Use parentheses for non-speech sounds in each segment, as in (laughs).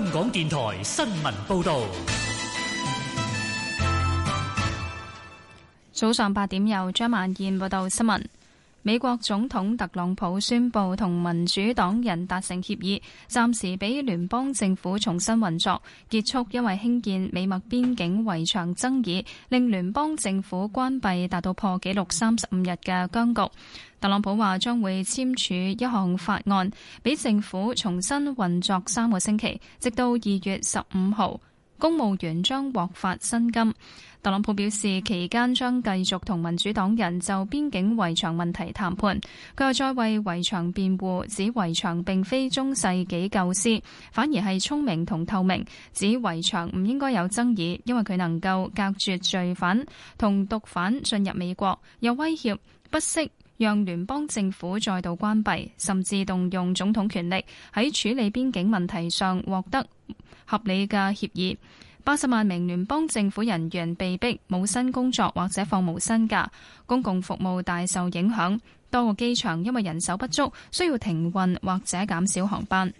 香港電台新聞報道。早上八點，由張曼燕報道新聞。美國總統特朗普宣布同民主黨人達成協議，暫時俾聯邦政府重新運作，結束因為興建美墨邊境圍牆爭議，令聯邦政府關閉達到破紀錄三十五日嘅僵局。特朗普話將會簽署一項法案，俾政府重新運作三個星期，直到二月十五號。公務員將獲發薪金。特朗普表示，期間將繼續同民主黨人就邊境圍牆問題談判。佢又再為圍牆辯護，指圍牆並非中世紀舊思，反而係聰明同透明。指圍牆唔應該有爭議，因為佢能夠隔絕罪犯同毒販進入美國，又威脅不惜。讓聯邦政府再度關閉，甚至動用總統權力喺處理邊境問題上獲得合理嘅協議。八十萬名聯邦政府人員被逼冇薪工作或者放無薪假，公共服務大受影響。多個機場因為人手不足，需要停運或者減少航班。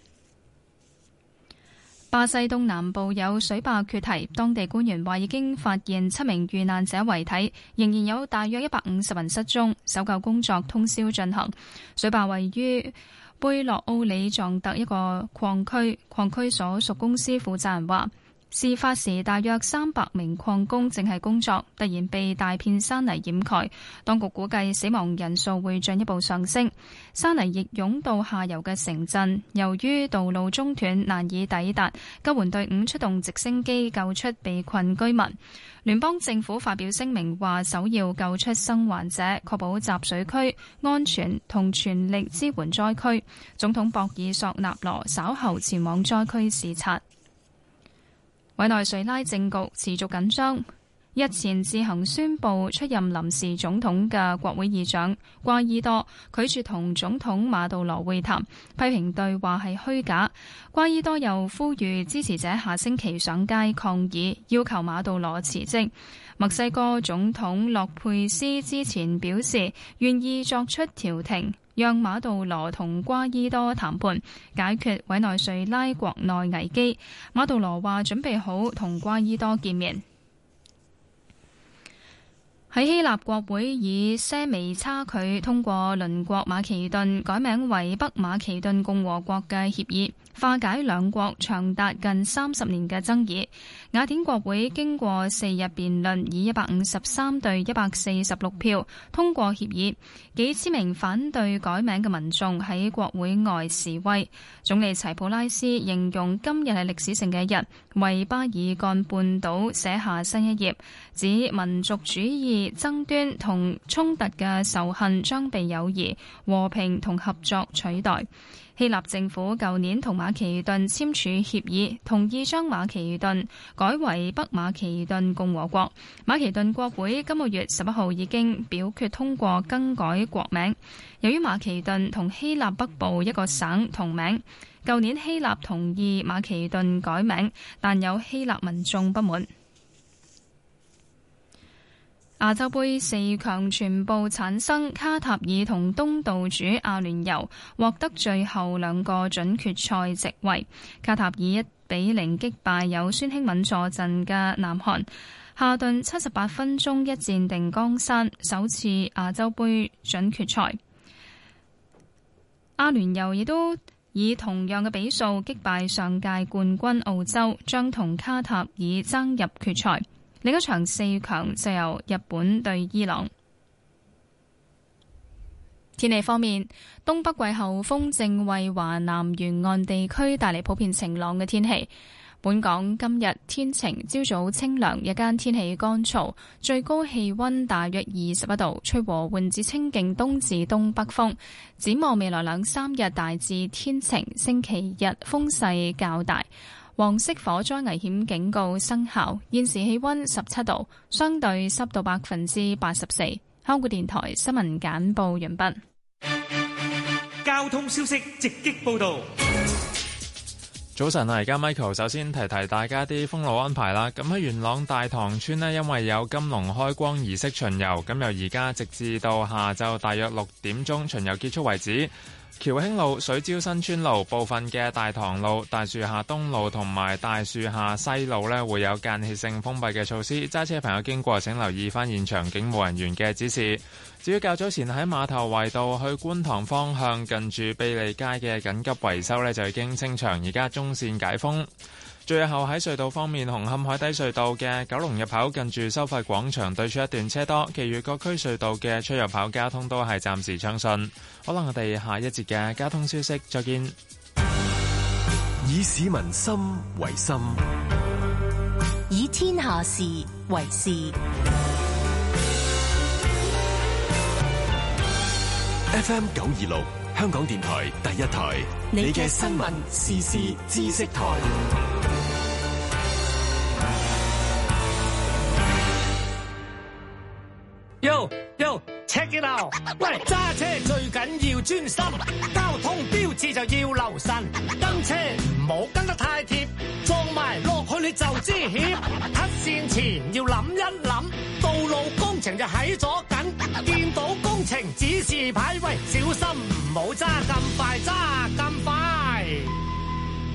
巴西東南部有水壩決堤，當地官員話已經發現七名遇難者遺體，仍然有大約一百五十人失蹤，搜救工作通宵進行。水壩位於貝洛奧里藏特一個礦區，礦區所屬公司負責人話。事發時，大約三百名礦工正係工作，突然被大片山泥掩蓋。當局估計死亡人數會進一步上升。山泥亦湧到下游嘅城鎮，由於道路中斷，難以抵達。救援隊伍出動直升機救出被困居民。聯邦政府發表聲明話：首要救出生還者，確保集水區安全，同全力支援災區。總統博爾索納羅稍後前往災區視察。委內瑞拉政局持續緊張，日前自行宣布出任臨時總統嘅國會議長瓜伊多拒絕同總統馬杜羅會談，批評對話係虛假。瓜伊多又呼籲支持者下星期上街抗議，要求馬杜羅辭職。墨西哥總統洛佩斯之前表示願意作出調停。讓馬杜羅同瓜伊多談判，解決委內瑞拉國內危機。馬杜羅話準備好同瓜伊多見面。喺希臘國會以些微差距通過鄰國馬其頓，改名為北馬其頓共和國嘅協議，化解兩國長達近三十年嘅爭議，雅典國會經過四日辯論，以一百五十三對一百四十六票通過協議。幾千名反對改名嘅民眾喺國會外示威。總理齊普拉斯形容今日係歷史性嘅一日，為巴爾干半島寫下新一頁，指民族主義爭端同衝突嘅仇恨將被友誼、和平同合作取代。希臘政府舊年同馬其頓簽署協議，同意將馬其頓改為北馬其頓共和國。馬其頓國會今個月十一號已經表決通過更改國名。由於馬其頓同希臘北部一個省同名，舊年希臘同意馬其頓改名，但有希臘民眾不滿。亞洲杯四強全部產生，卡塔爾同東道主阿聯酋獲得最後兩個準決賽席位。卡塔爾一比零擊敗有孫興敏坐鎮嘅南韓，下頓七十八分鐘一戰定江山，首次亞洲杯準決賽。阿聯酋亦都以同樣嘅比數擊敗上屆冠軍澳洲，將同卡塔爾爭入決賽。另一場四強就由日本對伊朗。天氣方面，東北季候風正為華南沿岸地區帶嚟普遍晴朗嘅天氣。本港今日天晴，朝早清涼，日間天氣乾燥，最高氣温大約二十一度，吹和緩至清勁東至東北風。展望未來兩三日大致天晴，星期日風勢較大。黃色火災危險警告生效。現時氣温十七度，相對濕度百分之八十四。香港電台新聞簡報完畢。原本交通消息直擊報道。早晨啊，而家 Michael 首先提提大家啲封路安排啦。咁喺元朗大棠村呢，因為有金龍開光儀式巡遊，咁由而家直至到下晝大約六點鐘巡遊結束為止。橋興路、水蕉新村路部分嘅大棠路、大樹下東路同埋大樹下西路呢，會有間歇性封閉嘅措施，揸車朋友經過請留意翻現場警務人員嘅指示。至於較早前喺碼頭圍道去觀塘方向近住卑利街嘅緊急維修呢，就已經清場，而家中線解封。最後喺隧道方面，紅磡海底隧道嘅九龍入口近住收費廣場對出一段車多，其餘各區隧道嘅出入口交通都係暫時暢順。可能我哋下一節嘅交通消息再見。以市民心為心，以天下事為事。FM 九二六，香港電台第一台，你嘅新聞、時事、知識台。喂，揸車最緊要專心，交通標誌就要留神，跟車唔好跟得太貼，撞埋落去你就知險。黑線前要諗一諗，道路工程就喺左近，見到工程指示牌喂，小心唔好揸咁快，揸咁快。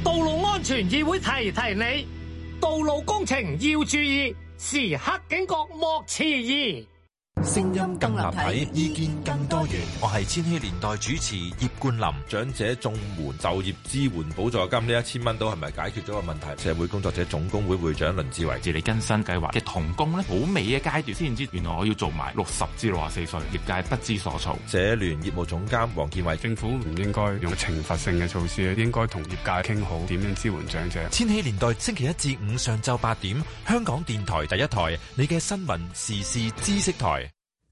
道路安全議會提提你，道路工程要注意，時刻警覺莫遲疑。聲音更立體，意見更多元。我係千禧年代主持葉冠林。長者綜援就業支援補助金呢，一千蚊都係咪解決咗個問題？社會工作者總工會會長林志偉。自力更生計劃嘅同工呢，好尾嘅階段先知，原來我要做埋六十至六十四歲，業界不知所措。社聯業務總監王建偉。政府唔應該用懲罰性嘅措施，應該同業界傾好點樣支援長者。千禧年代星期一至五上晝八點，香港電台第一台，你嘅新聞時事知識台。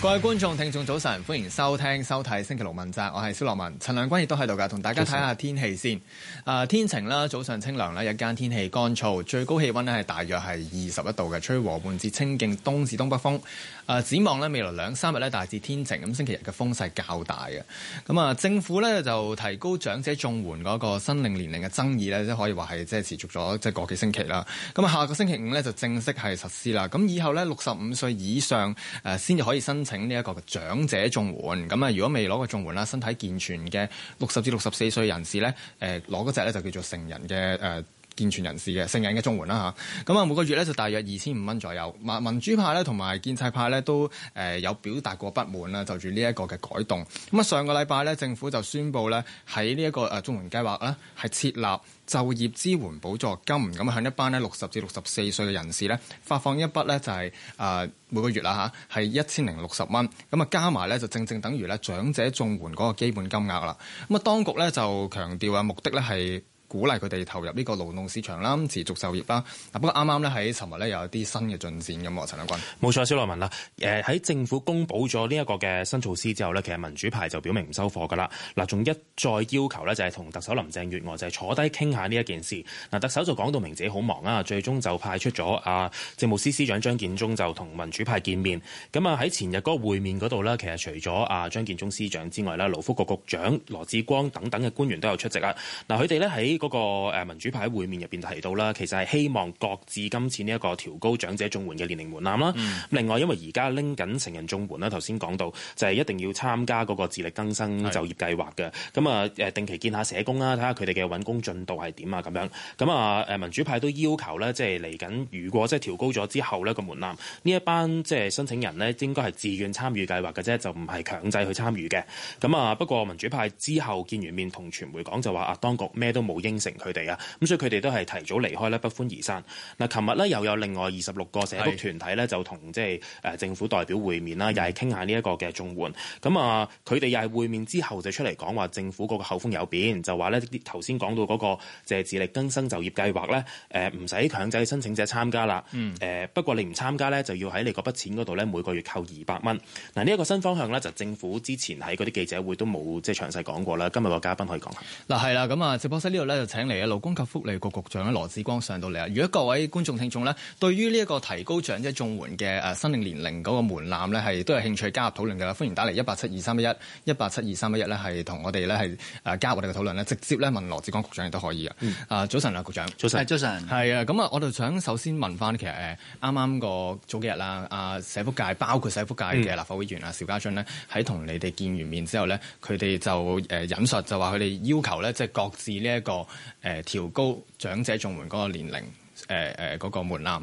各位觀眾、聽眾早晨，歡迎收聽、收睇《星期六問責》，我係蕭樂文，陳亮君亦都喺度噶，同大家睇下天氣先。誒像，天晴啦，早上清涼啦，日間天氣乾燥，最高氣温咧係大約係二十一度嘅，吹和緩至清勁東至東北風。誒，展望咧未來兩三日咧大致天晴，咁星期日嘅風勢較大嘅。咁啊，政府呢就提高長者綜援嗰個申齡年齡嘅爭議呢即可以話係即係持續咗即係個幾星期啦。咁啊，下個星期五呢就正式係實施啦。咁以後呢，六十五歲以上誒先至可以申請。請呢一個長者綜援咁啊。如果未攞過綜援啦，身體健全嘅六十至六十四歲人士咧，誒攞嗰隻咧就叫做成人嘅誒，呃健全人士嘅成人嘅綜援啦吓，咁啊每個月咧就大約二千五蚊左右。民民主派咧同埋建制派咧都誒有表達過不滿啦，就住呢一個嘅改動。咁啊上個禮拜咧政府就宣布咧喺呢一個誒綜援計劃咧係設立就業支援補助金，咁向一班咧六十至六十四歲嘅人士咧發放一筆咧就係誒每個月啦吓，係一千零六十蚊。咁啊加埋咧就正正等於咧長者綜援嗰個基本金額啦。咁啊當局咧就強調啊目的咧係。鼓勵佢哋投入呢個勞動市場啦，持續就業啦。嗱，不過啱啱咧喺尋日咧有一啲新嘅進展咁喎，陳亮君。冇錯，小樂文啦。誒，喺政府公佈咗呢一個嘅新措施之後呢，其實民主派就表明唔收貨㗎啦。嗱，仲一再要求呢，就係同特首林鄭月娥就係坐低傾下呢一件事。嗱，特首就講到明自己好忙啊，最終就派出咗啊政務司司長張建宗就同民主派見面。咁啊喺前日嗰個會面嗰度呢，其實除咗啊張建宗司長之外呢，勞福局局長羅致光等等嘅官員都有出席啊。嗱，佢哋咧喺嗰個民主派喺會面入邊提到啦，其實係希望擱置今次呢一個調高長者綜援嘅年齡門檻啦。嗯、另外因為而家拎緊成人綜援啦，頭先講到就係、是、一定要參加嗰個自力更生就業計劃嘅。咁啊誒定期見下社工啦，睇下佢哋嘅揾工進度係點啊咁樣。咁啊誒民主派都要求咧，即係嚟緊如果即係調高咗之後呢、呢個門檻，呢一班即係、就是、申請人呢，應該係自願參與計劃嘅啫，就唔係強制去參與嘅。咁啊不過民主派之後見完面同傳媒講就話啊，當局咩都冇。應承佢哋啊，咁所以佢哋都係提早離開咧，不歡而散。嗱，琴日咧又有另外二十六個社福團體咧，就同即係誒政府代表會面啦，是又係傾下呢一個嘅綜援。咁啊，佢哋又係會面之後就出嚟講話，政府嗰個口風有變，就話咧啲頭先講到嗰個即係自力更生就業計劃咧，誒唔使強制申請者參加啦。誒不過你唔參加咧，就要喺你嗰筆錢嗰度咧，每個月扣二百蚊。嗱，呢一個新方向咧，就政府之前喺嗰啲記者會都冇即係詳細講過啦。今日個嘉賓可以講下。嗱，係啦，咁啊直播室呢度咧。就請嚟啊，勞工及福利局局、局長羅致光上到嚟啊！如果各位觀眾聽眾咧，對於呢一個提高長者綜援嘅誒申領年齡嗰個門檻咧，係都有興趣加入討論嘅啦，歡迎打嚟一八七二三一一一八七二三一一咧，係同我哋咧係誒加入我哋嘅討論咧，直接咧問羅致光局長亦都可以嘅。啊、嗯，早晨啊，局長，早晨安，早晨，係啊，咁啊，我哋想首先問翻，其實誒啱啱個早幾日啦，啊社福界包括社福界嘅立法會議員啊、嗯，邵家俊咧，喺同你哋見完面之後咧，佢哋就誒引述就話佢哋要求咧，即係各自呢、這、一個。誒、調、呃、高長者綜援嗰個年齡，誒、呃，誒、呃，嗰、那個門檻。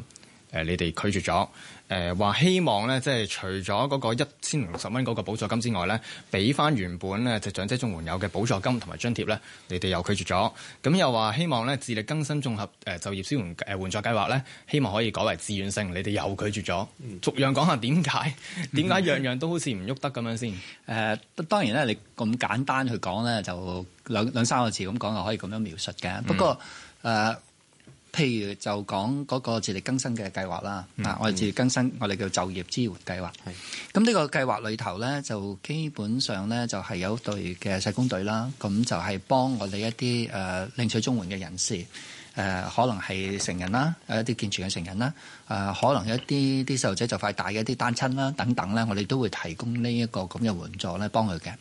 你哋拒絕咗，誒、呃、話希望咧，即係除咗嗰個一千零六十蚊嗰個補助金之外咧，俾翻原本咧就長者綜援有嘅補助金同埋津貼咧，你哋又拒絕咗。咁又話希望咧自力更生綜合誒就業支援誒援助計劃咧，希望可以改為自願性，你哋又拒絕咗。嗯、逐樣講下點解？點解樣樣都好似唔喐得咁樣先？誒、嗯，當然咧，你咁簡單去講咧，就兩兩三個字咁講就可以咁樣描述嘅。不、嗯、過譬如就講嗰個自力更生嘅計劃啦，嗱、嗯，我哋自力更生，我哋叫就業支援計劃。咁呢的個計劃裏頭咧，就基本上咧就係有隊嘅社工隊啦。咁就係幫我哋一啲誒、呃、領取綜援嘅人士、呃、可能係成人啦，一啲健全嘅成人啦、呃，可能一啲啲細路仔就快大嘅一啲單親啦等等咧，我哋都會提供呢一個咁嘅援助咧，幫佢嘅。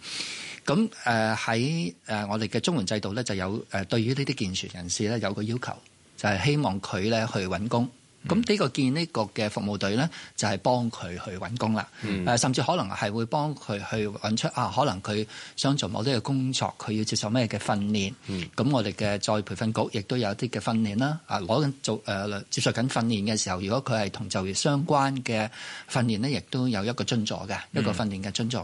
咁、呃、喺我哋嘅綜援制度咧，就有誒、呃、對於呢啲健全人士咧有個要求。就係希望佢咧去揾工。咁呢、嗯、個建呢個嘅服務隊咧，就係、是、幫佢去揾工啦。誒、嗯啊，甚至可能係會幫佢去揾出啊，可能佢想做某啲嘅工作，佢要接受咩嘅訓練？咁、嗯、我哋嘅再培訓局亦都有啲嘅訓練啦。啊，攞緊做誒、呃、接受緊訓練嘅時候，如果佢係同就業相關嘅訓練咧，亦都有一個津助嘅、嗯、一個訓練嘅津助。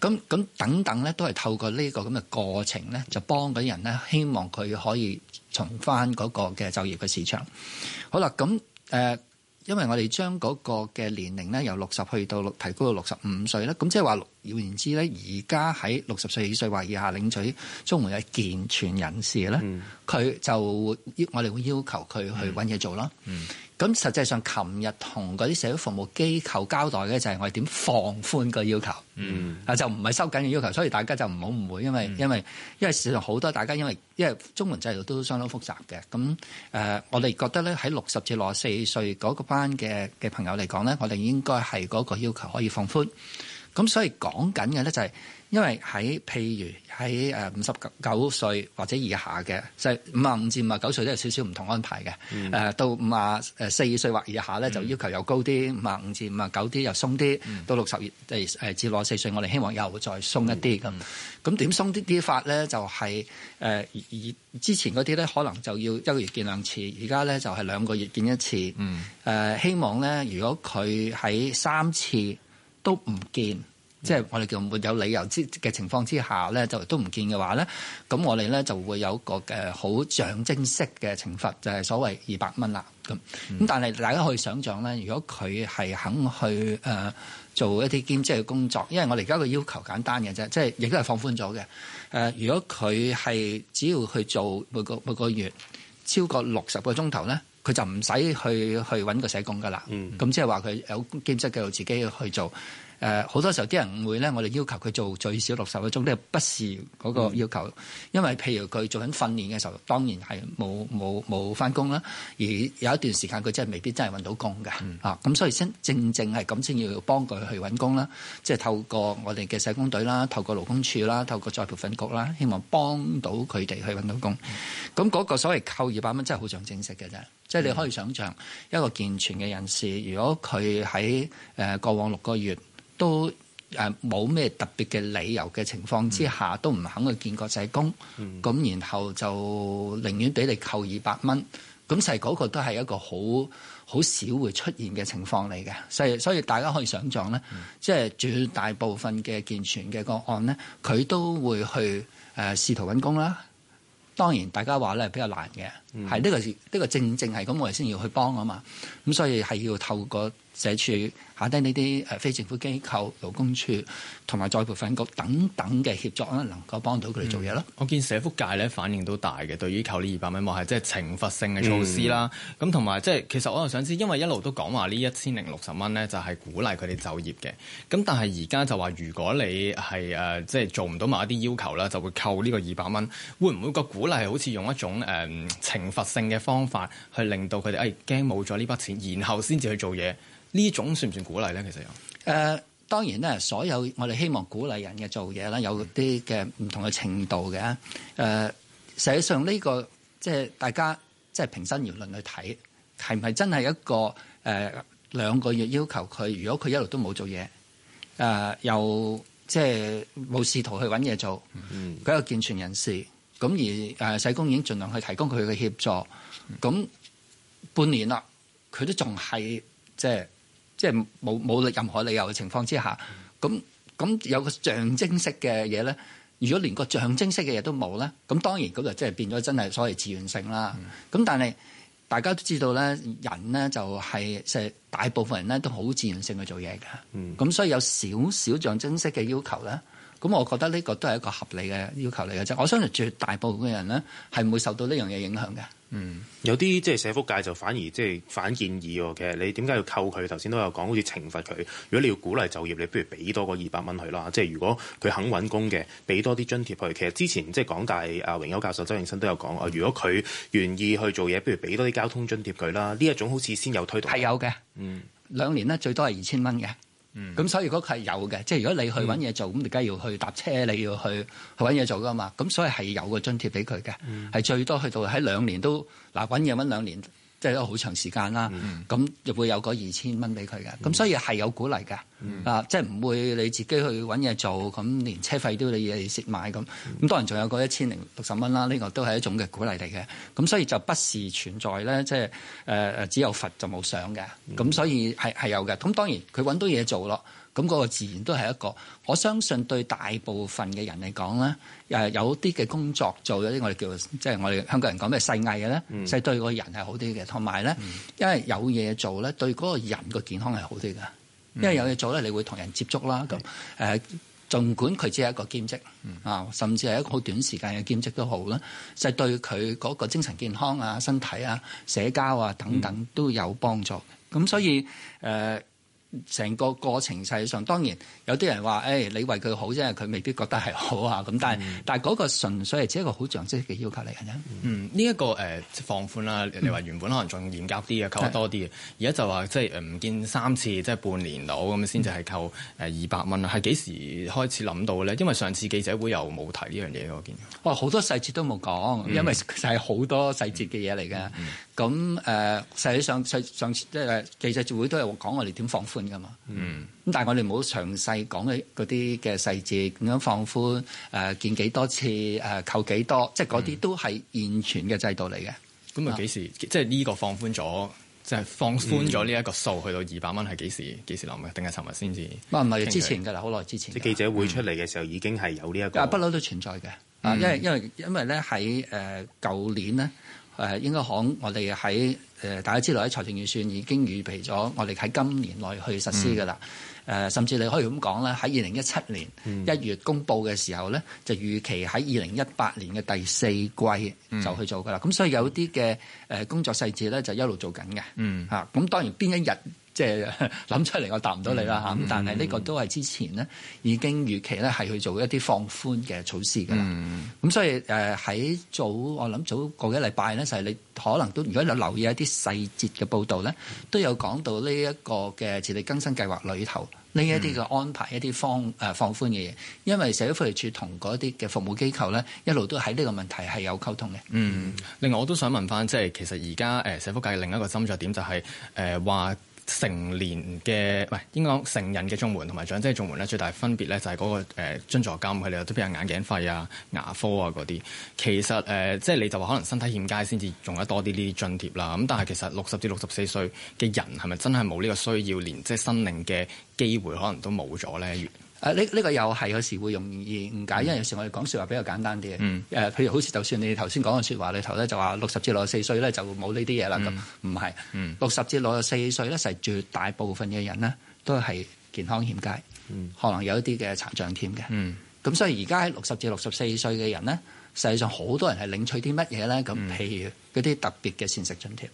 咁咁等等咧，都係透過呢個咁嘅過程咧，就幫嗰啲人咧，希望佢可以重返嗰個嘅就業嘅市場。好啦，咁。誒，因為我哋將嗰個嘅年齡咧，由六十去到六提高到六十五歲，咁即係話，要言之咧，而家喺六十歲以歲或以下領取綜援嘅健全人士咧，佢、嗯、就我哋會要求佢去搵嘢做咯。嗯嗯咁實際上，琴日同嗰啲社會服務機構交代嘅就係我哋點放寬個要求，啊、嗯、就唔係收緊嘅要求，所以大家就唔好誤會，因為、嗯、因為因為事實上好多大家因為因為中文制度都相當複雜嘅，咁誒我哋覺得咧喺六十至六十四歲嗰個班嘅嘅朋友嚟講咧，我哋應該係嗰個要求可以放寬，咁所以講緊嘅咧就係。因為喺譬如喺五十九歲或者以下嘅，就係五十五至五十九歲都有少少唔同的安排嘅。嗯、到五十四歲或以下咧，嗯、就要求又高啲，五十五至五十九啲又鬆啲。嗯、到六十至六十四歲，我哋希望又再鬆一啲咁。咁點、嗯、鬆啲啲法咧？就係、是呃、之前嗰啲咧，可能就要一個月見兩次，而家咧就係兩個月見一次。嗯呃、希望咧，如果佢喺三次都唔見。即係我哋叫沒有理由之嘅情況之下咧，就都唔見嘅話咧，咁我哋咧就會有個誒好象徵式嘅懲罰，就係、是、所謂二百蚊啦。咁咁、嗯，但係大家可以想像咧，如果佢係肯去誒、呃、做一啲兼職嘅工作，因為我哋而家個要求簡單嘅啫，即係亦都係放寬咗嘅。誒、呃，如果佢係只要去做每個每個月超過六十個鐘頭咧，佢就唔使去去搵個社工噶啦。咁、嗯、即係話佢有兼職嘅，自己去做。誒好多時候，啲人誤會咧，我哋要求佢做最少六十個鐘，都係不是嗰個要求，嗯、因為譬如佢做緊訓練嘅時候，當然係冇冇冇返工啦。而有一段時間，佢真係未必真係揾到工嘅、嗯、啊。咁所以正正係咁先要幫佢去揾工啦，即係透過我哋嘅社工隊啦，透過勞工處啦，透過再培訓局啦，希望幫到佢哋去揾到工。咁嗰、嗯、個所謂扣二百蚊，真係好像正式嘅啫。嗯、即係你可以想象一個健全嘅人士，如果佢喺過往六個月，都誒冇咩特別嘅理由嘅情況之下，嗯、都唔肯去見國際工，咁、嗯、然後就寧願俾你扣二百蚊，咁就係嗰個都係一個好好少會出現嘅情況嚟嘅，所以所以大家可以想象咧，嗯、即係絕大部分嘅健全嘅個案咧，佢都會去誒、呃、試圖揾工啦。當然大家話咧比較難嘅，係呢、嗯呢個呢、呢個正正係咁，我哋先要去幫啊嘛，咁所以係要透過社署。下低呢啲誒非政府機構、勞工處、同埋再培訓局等等嘅協助啦，能夠幫到佢哋做嘢咯、嗯。我見社福界咧反應都大嘅，對於扣呢二百蚊，話係即係懲罰性嘅措施啦。咁同埋即係其實我又想知，因為一路都講話呢一千零六十蚊咧，這元就係鼓勵佢哋就業嘅。咁但係而家就話，如果你係誒即係做唔到某一啲要求咧，就會扣呢個二百蚊。會唔會個鼓勵好似用一種誒、呃、懲罰性嘅方法去令到佢哋誒驚冇咗呢筆錢，然後先至去做嘢？呢種算唔算？鼓勵咧，其實有誒、呃，當然咧，所有我哋希望鼓勵人嘅做嘢啦，有啲嘅唔同嘅程度嘅誒，實、呃、際上呢、這個即係大家即係平心而論去睇，係唔係真係一個誒兩、呃、個月要求佢，如果佢一路都冇做嘢誒，又即係冇試圖去搵嘢做，佢係、嗯、健全人士，咁而誒，社工已經盡量去提供佢嘅協助，咁、嗯、半年啦，佢都仲係即係。即係冇冇任何理由嘅情況之下，咁咁有個象徵式嘅嘢咧。如果連個象徵式嘅嘢都冇咧，咁當然咁就即係變咗真係所謂自願性啦。咁、嗯、但係大家都知道咧，人咧就係即係大部分人咧都好自然性去做嘢嘅。咁、嗯、所以有少少象徵式嘅要求咧，咁我覺得呢個都係一個合理嘅要求嚟嘅啫。我相信絕大部分嘅人咧係唔會受到呢樣嘢影響嘅。嗯，有啲即係社福界就反而即係、就是、反建議喎。其實你點解要扣佢？頭先都有講，好似懲罰佢。如果你要鼓勵就業，你不如俾多個二百蚊佢啦。即係如果佢肯搵工嘅，俾多啲津貼佢。其實之前即係港大阿榮休教授、周永新都有講啊。嗯、如果佢願意去做嘢，不如俾多啲交通津貼佢啦。呢一種好似先有推動，係有嘅。嗯，兩年呢，最多係二千蚊嘅。咁、嗯、所以如果佢係有嘅，即係如果你去揾嘢做，咁你梗係要去搭車，你要去去揾嘢做噶嘛，咁所以係有個津貼俾佢嘅，係、嗯、最多去到喺兩年都嗱揾嘢揾兩年。即係好長時間啦，咁、mm hmm. 又會有個二千蚊俾佢嘅，咁所以係有鼓勵嘅，啊、mm，hmm. 即係唔會你自己去揾嘢做，咁連車費都你你蝕埋咁，咁當然仲有個一千零六十蚊啦，呢個都係一種嘅鼓勵嚟嘅，咁所以就不是存在咧，即係誒只有罰就冇賞嘅，咁所以係係有嘅，咁當然佢揾到嘢做咯。咁嗰個自然都係一個，我相信對大部分嘅人嚟講咧，誒有啲嘅工作做，有啲我哋叫做即係、就是、我哋香港人講咩細藝嘅咧，就、嗯、對個人係好啲嘅。同埋咧，嗯、因為有嘢做咧，對嗰個人個健康係好啲㗎。嗯、因為有嘢做咧，你會同人接觸啦。咁誒、嗯呃，儘管佢只係一個兼職啊，嗯、甚至係一個好短時間嘅兼職都好啦，就是、對佢嗰個精神健康啊、身體啊、社交啊等等、嗯、都有幫助。咁所以誒。呃成個過程實際上，當然有啲人話，誒、哎，你為佢好即啫，佢未必覺得係好啊。咁、嗯、但係，但係嗰個純粹係只係一個好象徵嘅要求嚟㗎。嗯，呢、這、一個誒放、呃、寬啦，嗯、你話原本可能仲嚴格啲嘅扣多啲嘅，而家是就話即係唔見三次即係半年到咁先至係扣誒二百蚊啊。係幾、嗯、時開始諗到咧？因為上次記者會又冇提呢樣嘢，我見哇好、呃、多細節都冇講，嗯、因為係好多細節嘅嘢嚟嘅。咁誒實際上上次即係、呃、記者會都係講我哋點放寬。噶嘛，嗯，咁但係我哋冇詳細講嘅嗰啲嘅細節，咁樣放寬誒，見、呃、幾多次誒，扣幾多，即係嗰啲都係現存嘅制度嚟嘅。咁啊、嗯，幾時即係呢個放寬咗，即、就、係、是、放寬咗呢一個數去到二百蚊，係幾時？幾時諗嘅？定係尋日先至？啊、嗯，唔係之前噶啦，好耐之前。即係記者會出嚟嘅時候，已經係有呢、這、一個。不嬲、嗯、都存在嘅，啊、嗯嗯，因為因為因為咧喺誒舊年咧誒、呃，應該講我哋喺。誒大家知道喺財政預算已經預備咗，我哋喺今年內去實施㗎啦。誒，甚至你可以咁講啦，喺二零一七年一月公布嘅時候咧，就預期喺二零一八年嘅第四季就去做噶啦。咁所以有啲嘅工作細節咧、嗯，就一路做緊嘅。嚇，咁當然邊一日即係諗出嚟，我答唔到你啦嚇。咁、嗯、但係呢個都係之前咧已經預期咧，係去做一啲放寬嘅措施噶啦。咁、嗯、所以喺早，我諗早過一禮拜咧，就係、是、你可能都如果你有留意一啲細節嘅報導咧，都有講到呢一個嘅自力更新計劃裏頭。呢一啲嘅安排，嗯、一啲放誒放寬嘅嘢，因為社會福利署同嗰啲嘅服務機構咧，一路都喺呢個問題係有溝通嘅。嗯，另外我都想問翻，即係其實而家誒社福界另一個斟酌點就係誒話。呃成年嘅喂，係應該講成人嘅綜援同埋長者嘅綜援咧，最大分別咧就係嗰、那個誒、呃、津助金，佢哋又都比較眼鏡費啊、牙科啊嗰啲。其實誒，即係你就話、是、可能身體欠佳先至用得多啲呢啲津貼啦。咁但係其實六十至六十四歲嘅人係咪真係冇呢個需要，連即係生命嘅機會可能都冇咗咧？啊！呢、這、呢個又係、這個、有時會容易誤解，因為有時我哋講說話比較簡單啲嘅、嗯呃。譬如好似就算你頭先講嘅說話裏頭咧，就話六十至六十四歲咧就冇呢啲嘢啦。咁唔係，六十至六十四歲咧，係絕大部分嘅人呢，都係健康欠佳，嗯、可能有一啲嘅殘障添嘅。咁、嗯、所以而家喺六十至六十四歲嘅人咧，實際上好多人係領取啲乜嘢咧？咁譬如嗰啲特別嘅膳食津貼，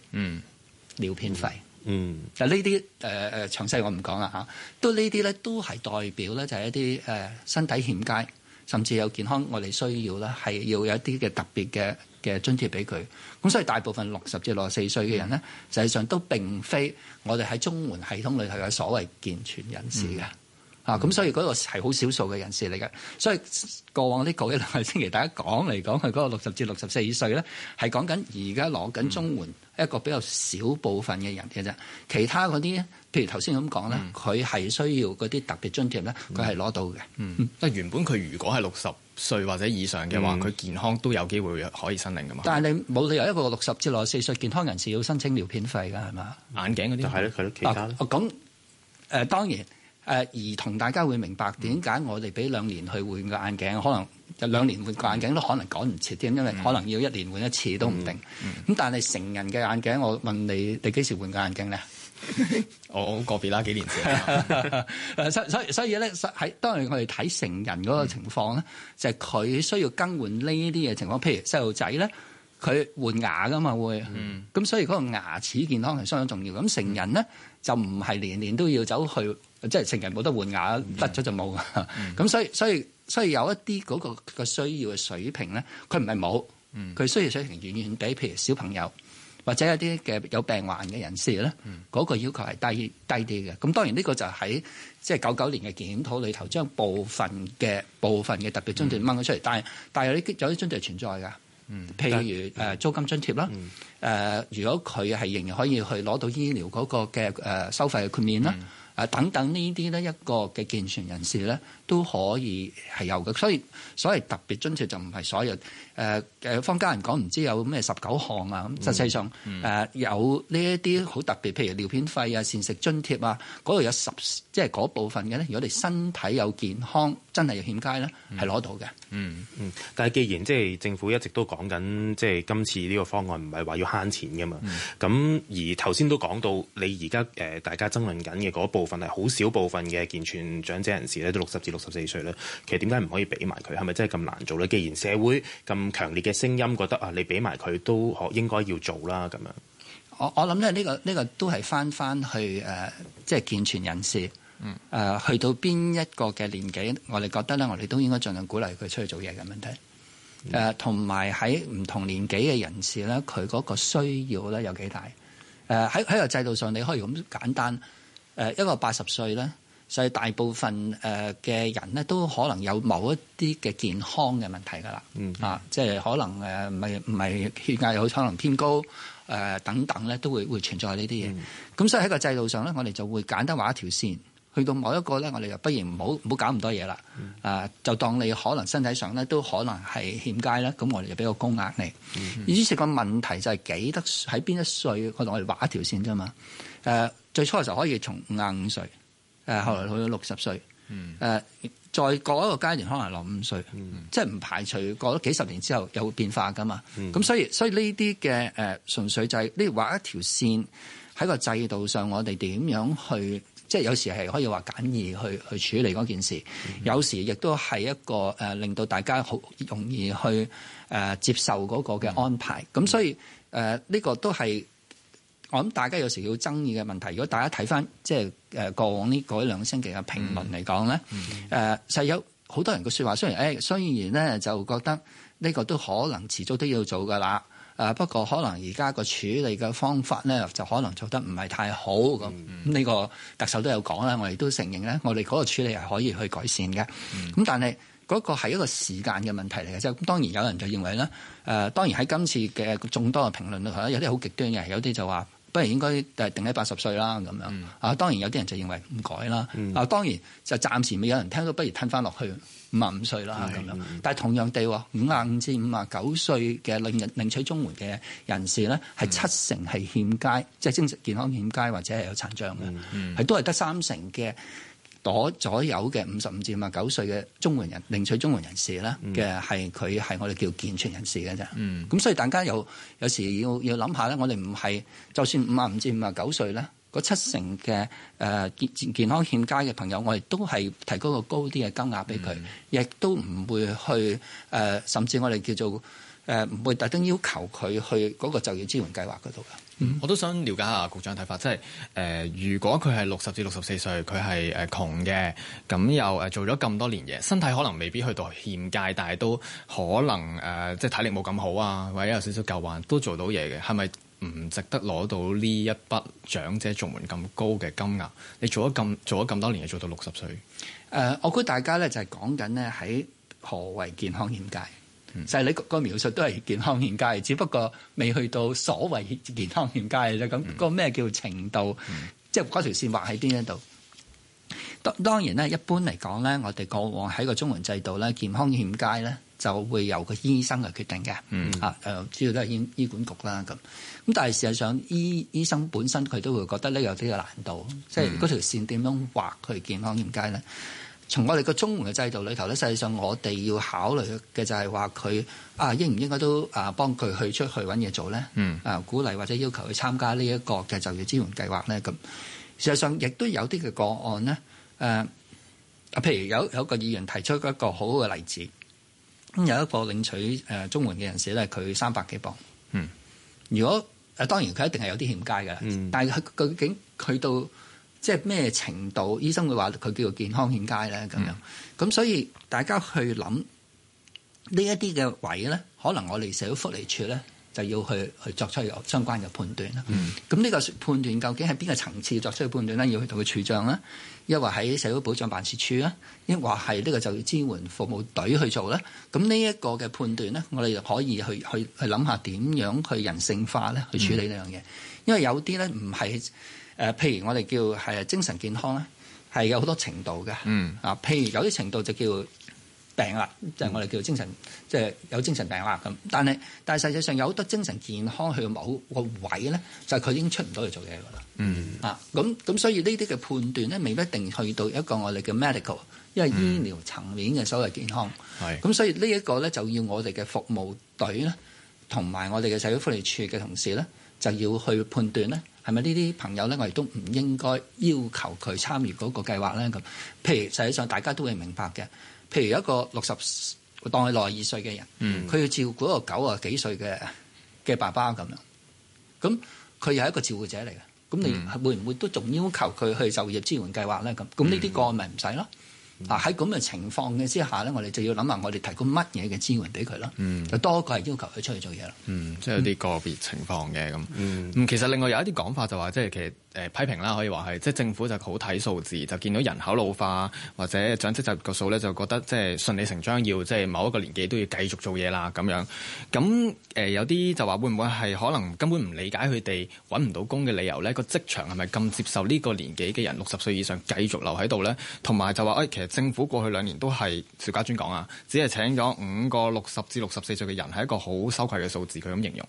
尿、嗯、片費。嗯嗯，但呢啲誒誒詳細我唔講啦嚇，都呢啲咧都係代表咧就係一啲誒身體欠佳，甚至有健康我哋需要咧，係要有一啲嘅特別嘅嘅津貼俾佢。咁所以大部分六十至六十四歲嘅人咧，嗯、實際上都並非我哋喺綜援系統裏頭有所謂健全人士嘅嚇。咁、嗯啊、所以嗰個係好少數嘅人士嚟嘅。所以過往呢個一兩星期大家講嚟講去嗰、那個六十至六十四歲咧，係講緊而家攞緊綜援、嗯。一個比較少部分嘅人嘅啫，其他嗰啲，譬如頭先咁講咧，佢係、嗯、需要嗰啲特別津貼咧，佢係攞到嘅、嗯。嗯，即係、嗯、原本佢如果係六十歲或者以上嘅話，佢、嗯、健康都有機會可以申領噶嘛。但係你冇理由一個六十至六十四歲健康人士要申請尿片費㗎係嘛？眼鏡嗰啲就係咧，佢其他咧。咁、啊，誒、呃、當然。誒，兒童大家會明白點解我哋俾兩年去換個眼鏡，嗯、可能就兩年換個眼鏡都可能趕唔切添，因為可能要一年換一次都唔定。咁、嗯嗯、但係成人嘅眼鏡，我問你你幾時換個眼鏡咧？ (laughs) (laughs) 我好個別啦，幾年前。 (laughs) (laughs) 所所以所以咧，喺當然我哋睇成人嗰個情況咧，嗯、就係佢需要更換呢啲嘅情況，譬如細路仔咧。佢換牙噶嘛會，咁、嗯、所以嗰個牙齒健康係相當重要的。咁成人咧就唔係年年都要走去，即、就、係、是、成人冇得換牙，甩咗就冇。咁、嗯嗯、所以所以所以有一啲嗰、那個那個需要嘅水平咧，佢唔係冇，佢、嗯、需要水平遠遠地。譬如小朋友或者一啲嘅有病患嘅人士咧，嗰、嗯、個要求係低低啲嘅。咁當然呢個就喺即係九九年嘅檢討裏頭，將部分嘅部分嘅特別津貼掹咗出嚟、嗯，但係但係有啲有啲津貼存在㗎。嗯，譬如誒租金津貼啦，誒、嗯、如果佢係仍然可以去攞到醫療嗰個嘅誒收費嘅豁免啦，誒、嗯、等等呢啲咧一個嘅健全人士咧。都可以係有嘅，所以所謂特別津貼就唔係所有。誒、呃、誒，坊家人講唔知有咩十九項啊，咁實際上誒、嗯嗯呃、有呢一啲好特別，譬如尿片費啊、膳食津貼啊，嗰度有十，即係嗰部分嘅咧，如果你身體有健康，真係有欠佳咧，係攞到嘅。嗯嗯，嗯但係既然即係政府一直都講緊，即、就、係、是、今次呢個方案唔係話要慳錢㗎嘛，咁、嗯、而頭先都講到你而家誒大家爭論緊嘅嗰部分係好少部分嘅健全長者人士咧，都六十至六十四歲咧，其實點解唔可以俾埋佢？係咪真係咁難做咧？既然社會咁強烈嘅聲音覺得啊，你俾埋佢都可應該要做啦，咁樣。我我諗咧，呢個呢個都係翻翻去誒，即、呃、係、就是、健全人士，誒、呃，去到邊一個嘅年紀，我哋覺得咧，我哋都應該盡量鼓勵佢出去做嘢嘅問題。誒、呃，同埋喺唔同年紀嘅人士咧，佢嗰個需要咧有幾大？誒、呃，喺喺個制度上，你可以咁簡單。誒、呃，一個八十歲咧。所以大部分誒嘅人咧，都可能有某一啲嘅健康嘅問題噶啦，mm hmm. 啊，即、就、係、是、可能誒唔係唔係血壓有可能偏高誒、呃、等等咧，都會會存在呢啲嘢。咁、mm hmm. 所以喺個制度上咧，我哋就會簡單畫一條線，去到某一個咧，我哋就不如唔好唔好搞咁多嘢啦，mm hmm. 啊，就當你可能身體上咧都可能係欠佳咧，咁我哋就俾個高額你。於是個問題就係幾得喺邊一歲，我哋我哋畫一條線啫嘛。誒、啊、最初嘅時候可以從五十五歲。誒，後來去到六十歲，誒、嗯，再過一個階段可能落五歲，嗯、即係唔排除過咗幾十年之後有變化噶嘛。咁、嗯、所以，所以呢啲嘅誒純粹就係、是、你畫一條線喺個制度上，我哋點樣去，即、就、係、是、有時係可以話簡易去去處理嗰件事，嗯、有時亦都係一個誒令到大家好容易去誒接受嗰個嘅安排。咁、嗯、所以誒，呢、呃這個都係我諗大家有時要爭議嘅問題。如果大家睇翻即係。誒過往呢嗰兩星期嘅評論嚟講咧，誒實、嗯呃、有好多人嘅説話，雖然誒、哎、雖然咧就覺得呢個都可能遲早都要做㗎啦，誒不過可能而家個處理嘅方法咧就可能做得唔係太好咁。咁呢、嗯、個特首都有講啦，我哋都承認咧，我哋嗰個處理係可以去改善嘅。咁、嗯、但係嗰個係一個時間嘅問題嚟嘅，就當然有人就認為咧，誒、呃、當然喺今次嘅眾多嘅評論裏頭，有啲好極端嘅，有啲就話。不如應該誒定喺八十歲啦咁樣啊，當然有啲人就認為唔改啦。啊，當然就暫時未有人聽到，不如吞翻落去五啊五歲啦咁樣。是但係同樣地，五啊五至五啊九歲嘅領領取綜援嘅人士咧，係七成係欠佳，嗯、即係精神健康欠佳或者係有殘障嘅，係、嗯、都係得三成嘅。左左右嘅五十五至五十九歲嘅綜援人，領取綜援人士咧嘅係佢係我哋叫健全人士嘅啫。咁、嗯、所以大家有有時要要諗下咧，我哋唔係就算五啊五至五啊九歲咧，嗰七成嘅誒、呃、健健康欠佳嘅朋友，我哋都係提高個高啲嘅金額俾佢，亦、嗯、都唔會去誒、呃，甚至我哋叫做誒唔、呃、會特登要求佢去嗰個就業支援計劃嗰度啦。嗯、我都想了解下局長嘅睇法，即係誒、呃，如果佢係六十至六十四歲，佢係誒窮嘅，咁又誒、呃、做咗咁多年嘢，身體可能未必去到欠界，但係都可能誒、呃，即係體力冇咁好啊，或者有少少舊患，都做到嘢嘅，係咪唔值得攞到呢一筆長者綜援咁高嘅金額？你做咗咁做咗咁多年嘢，做到六十歲？誒、呃，我估大家咧就係講緊咧喺何為健康欠界。就係你個個描述都係健康欠佳，只不過未去到所謂健康欠佳咧。咁個咩叫程度？嗯、即係嗰條線畫喺邊一度？當當然咧，一般嚟講咧，我哋過往喺個綜援制度咧，健康欠佳咧就會由個醫生嚟決定嘅。嗯、啊，主要都係醫醫管局啦咁。咁但係事實上醫，醫醫生本身佢都會覺得呢有啲嘅難度，嗯、即係嗰條線點樣畫佢健康欠佳咧？從我哋個綜援嘅制度裏頭咧，實際上我哋要考慮嘅就係話佢啊應唔應該都啊幫佢去出去揾嘢做咧？嗯啊鼓勵或者要求佢參加呢一個嘅就業支援計劃咧咁。事實上亦都有啲嘅個案咧，誒啊，譬、呃、如有有一個議員提出一個好好嘅例子，咁有一個領取、呃、綜援嘅人士咧，佢三百幾磅。嗯，如果誒、啊、當然佢一定係有啲欠佳㗎啦、嗯、但佢究竟去到？即係咩程度？醫生會話佢叫做健康欠佳咧，咁樣。咁、嗯、所以大家去諗呢一啲嘅位咧，可能我哋社會福利處咧就要去去作出有關嘅判斷啦。咁呢、嗯、個判斷究竟係邊個層次作出嘅判斷咧？要去同佢處長啊，亦或喺社會保障辦事處啊，亦或係呢個就業支援服務隊去做咧。咁呢一個嘅判斷咧，我哋就可以去去去諗下點樣去人性化咧去處理呢樣嘢，嗯、因為有啲咧唔係。誒、呃，譬如我哋叫係精神健康咧，係有好多程度嘅，嗯、啊，譬如有啲程度就叫病啦，即、就、係、是、我哋叫精神，即係、嗯、有精神病啦咁。但係但係實際上有好多精神健康去某個位咧，就佢已經出唔到嚟做嘢噶啦。嗯、啊，咁咁所以呢啲嘅判斷咧，未必一定去到一個我哋叫 medical，因為醫療層面嘅所謂健康。咁、嗯、所以呢一個咧就要我哋嘅服務隊咧，同埋我哋嘅社會福利署嘅同事咧，就要去判斷咧。係咪呢啲朋友咧，我亦都唔應該要求佢參與嗰個計劃咧咁？譬如實際上大家都會明白嘅，譬如一個六十當佢二歲嘅人，佢要照顧一個九啊幾歲嘅嘅爸爸咁樣，咁佢又係一個照顧者嚟嘅，咁你會唔會都仲要求佢去就業支援計劃咧咁？咁呢啲個案咪唔使咯？啊！喺咁嘅情況嘅之下咧，我哋就要諗下，我哋提供乜嘢嘅資源俾佢啦嗯，就多過係要求佢出去做嘢啦嗯，即係有啲個別情況嘅咁。嗯，咁其實另外有一啲講法就話，即係其實。誒、呃、批評啦，可以話係，即係政府就好睇數字，就見到人口老化或者長職業個數咧，就覺得即係順理成章要即係某一個年紀都要繼續做嘢啦咁樣。咁誒、呃、有啲就話會唔會係可能根本唔理解佢哋揾唔到工嘅理由呢？個職場係咪咁接受呢個年紀嘅人，六十歲以上繼續留喺度呢？同埋就話、哎、其實政府過去兩年都係少家專講啊，只係請咗五個六十至六十四歲嘅人，係一個好羞愧嘅數字，佢咁形容。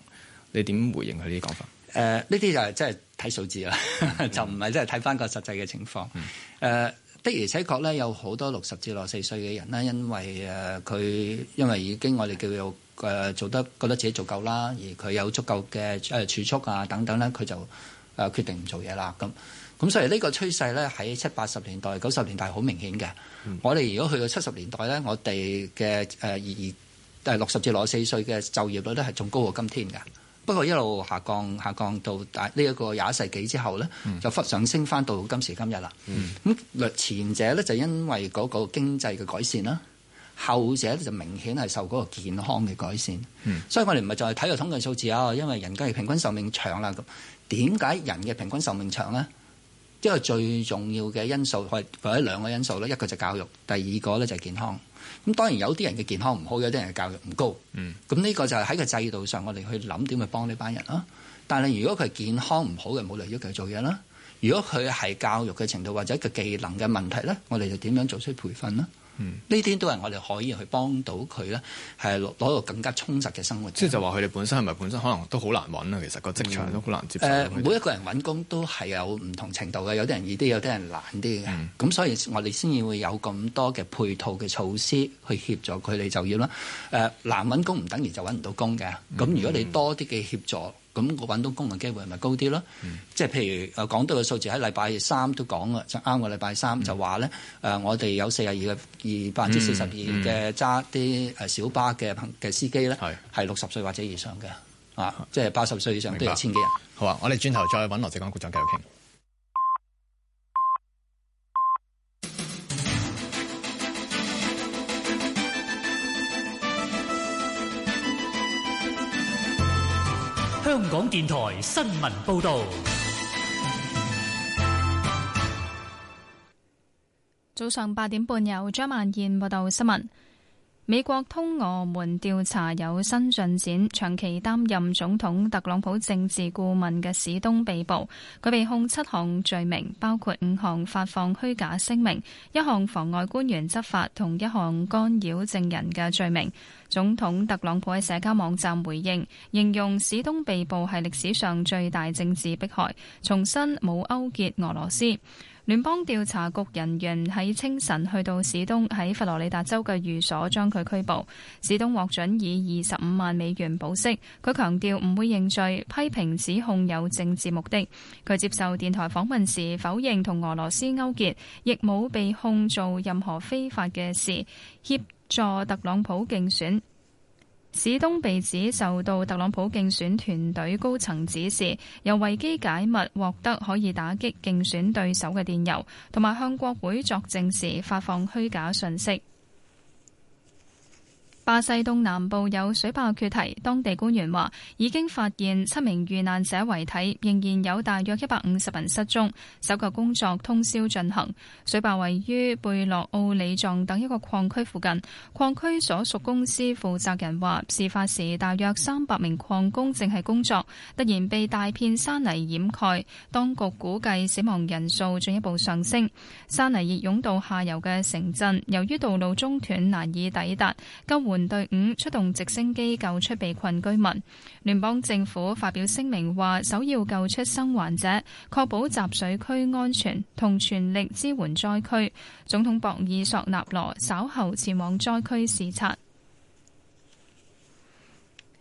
你點回應佢呢啲講法？誒呢啲就係即係睇數字啦，嗯、 (laughs) 就唔係即係睇翻個實際嘅情況。誒、嗯呃、的而且確咧，有好多六十至六十四歲嘅人啦，因為誒佢因為已經我哋叫做做得覺得自己做夠啦，而佢有足夠嘅誒儲蓄啊等等咧，佢就決定唔做嘢啦。咁咁所以呢個趨勢咧喺七八十年代、九十年代好明顯嘅。嗯、我哋如果去到七十年代咧，我哋嘅誒而六十至六十四歲嘅就業率咧係仲高過今天嘅。不過一路下降下降到大呢一個廿一世紀之後咧，就翻上升翻到今時今日啦。咁略、嗯、前者咧就因為嗰個經濟嘅改善啦，後者就明顯係受嗰個健康嘅改善。嗯、所以我哋唔係就係睇個統計數字啊，因為人嘅平均壽命長啦。咁點解人嘅平均壽命長咧？因為最重要嘅因素或者兩個因素咧，一個就係教育，第二個咧就係健康。咁當然有啲人嘅健康唔好，有啲人嘅教育唔高。嗯，咁呢個就係喺個制度上，我哋去諗點去幫呢班人啦。但係如果佢係健康唔好嘅，冇理由繼續做嘢啦。如果佢係教育嘅程度或者個技能嘅問題咧，我哋就點樣做出培訓啦？嗯，呢啲都係我哋可以去幫到佢咧，係攞到更加充實嘅生活。即係就話佢哋本身係咪本身可能都好難揾啊？其實個職場都好難接受，嗯呃。每一個人揾工都係有唔同程度嘅，有啲人易啲，有啲人難啲嘅。咁、嗯、所以，我哋先至會有咁多嘅配套嘅措施去協助佢哋就業啦。誒、呃，難揾工唔等於就揾唔到工嘅。咁如果你多啲嘅協助，嗯嗯咁我揾到工嘅機會係咪高啲咯？即係、嗯、譬如誒講到嘅數字喺禮拜三都講啦，就啱個禮拜三就話咧誒，我哋有四十二二百分之四十二嘅揸啲誒小巴嘅嘅司機咧，係六十歲或者以上嘅啊，即係八十歲以上都有千幾人。好啊，我哋轉頭再揾羅致光局長繼續傾。香港電台新聞報道，早上八點半由張萬燕報道新聞。美國通俄門調查有新進展，長期擔任總統特朗普政治顧問嘅史東被捕，佢被控七項罪名，包括五項發放虛假聲明、一項妨礙官員執法同一項干擾證人嘅罪名。總統特朗普喺社交網站回應，形容史東被捕係歷史上最大政治迫害，重申冇勾結俄羅斯。聯邦調查局人員喺清晨去到史東喺佛羅里達州嘅寓所，將佢拘捕。史東獲准以二十五萬美元保釋。佢強調唔會認罪，批評指控有政治目的。佢接受電台訪問時否認同俄羅斯勾結，亦冇被控做任何非法嘅事，協助特朗普競選。史東被指受到特朗普競選團隊高層指示，由維基解密獲得可以打擊競選對手嘅電郵，同埋向國會作證時發放虛假信息。巴西東南部有水壩決堤。當地官員話已經發現七名遇難者遺體，仍然有大約一百五十人失蹤，搜救工作通宵進行。水壩位於貝洛奧里藏等一個礦區附近，礦區所屬公司負責人話，事發時大約三百名礦工正係工作，突然被大片山泥掩蓋，當局估計死亡人數進一步上升。山泥熱湧到下游嘅城鎮，由於道路中斷難以抵達救援。隊伍出動直升機救出被困居民。聯邦政府發表聲明話，首要救出生還者，確保集水區安全，同全力支援災區。總統博爾索納羅稍後前往災區視察。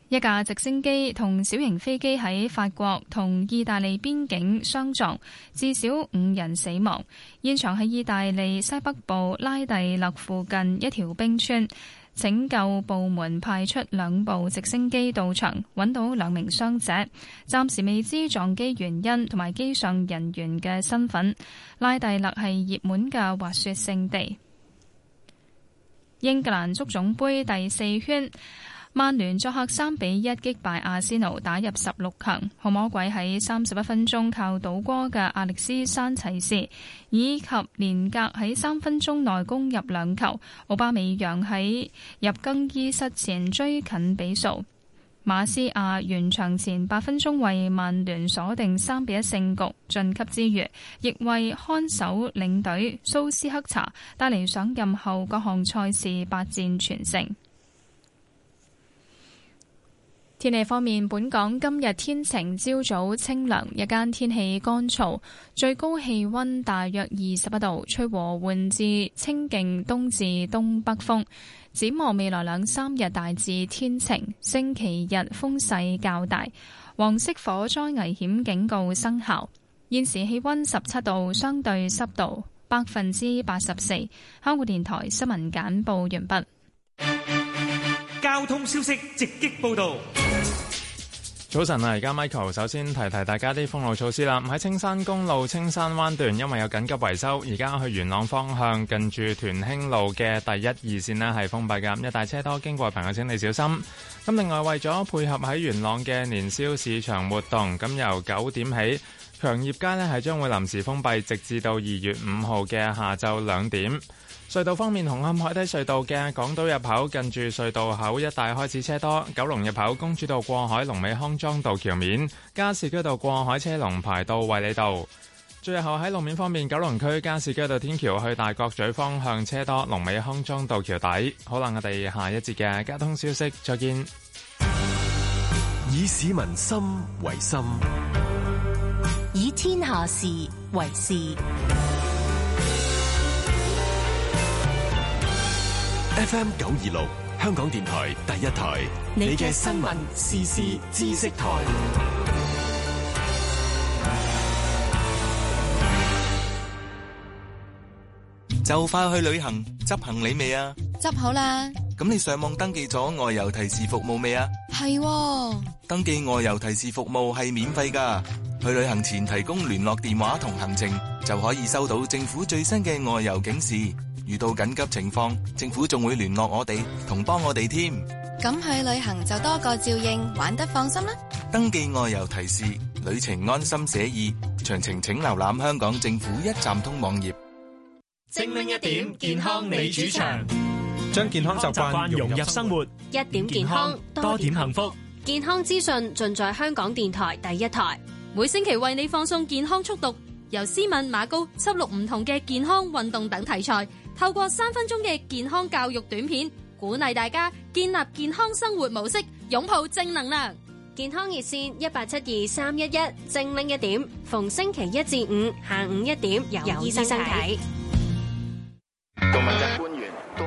一架直升機同小型飛機喺法國同意大利邊境相撞，至少五人死亡。現場喺意大利西北部拉蒂勒附近一條冰川。拯救部門派出兩部直升機到場，揾到兩名傷者，暫時未知撞機原因同埋機上人員嘅身份。拉蒂勒係熱門嘅滑雪勝地。英格蘭足總杯第四圈。曼聯作客三比一擊敗阿仙奴，打入十六強。紅魔鬼喺三十一分鐘靠倒戈嘅阿歷斯山齊士，以及連隔喺三分鐘內攻入兩球。奧巴美揚喺入更衣室前追近比數，馬斯亞完場前八分鐘為曼聯鎖定三比一勝局，晉級之餘亦為看守領隊蘇斯克查帶嚟上任後各項賽事八戰全勝。天氣方面，本港今日天晴，朝早清涼，日間天氣乾燥，最高氣温大約二十一度，吹和緩至清勁東至東北風。展望未來兩三日大致天晴，星期日風勢較大，黃色火災危險警告生效。現時氣温十七度，相對濕度百分之八十四。香港電台新聞簡報完畢。交通消息直擊報道。早晨啊！而家 Michael 首先提提大家啲封路措施啦。喺青山公路青山灣段，因為有緊急維修，而家去元朗方向近住屯興路嘅第一二線呢，係封閉嘅。一帶車多經過嘅朋友，請你小心。咁另外為咗配合喺元朗嘅年宵市場活動，咁由九點起，強業街呢，係將會臨時封閉，直至到二月五號嘅下晝兩點。隧道方面，紅磡海底隧道嘅港島入口近住隧道口一帶開始車多；九龍入口公主道過海、龍尾康莊道橋面、加士居道過海車龍排到衛理道。最後喺路面方面，九龍區加士居道天橋去大角咀方向車多，龍尾康莊道橋底。好啦，我哋下一節嘅交通消息，再見。以市民心為心，以天下事為事。FM 九二六，香港電台第一台，你嘅新聞、時事、知識台，就快去旅行，執行李未啊？執好啦。咁你上網登記咗外遊提示服務未啊？係、哦。登記外遊提示服務係免費噶，去旅行前提供聯絡電話同行程，就可以收到政府最新嘅外遊警示。遇到緊急情況，政府仲會聯絡我哋同幫我哋添。咁去旅行就多個照應，玩得放心啦。登記外遊提示，旅程安心寫意。詳情請瀏覽香港政府一站通網頁。精靈一點，健康你主場，將健康習慣融入生活，一點健康多點幸福。健康資訊盡在香港電台第一台，每星期為你放送健康速讀，由斯敏馬高輯錄唔同嘅健康運動等題材。透過三分鐘嘅健康教育短片，鼓勵大家建立健康生活模式，擁抱正能量。健康熱線一八七二三一一，精靈一點，逢星期一至五下午一點有醫生睇。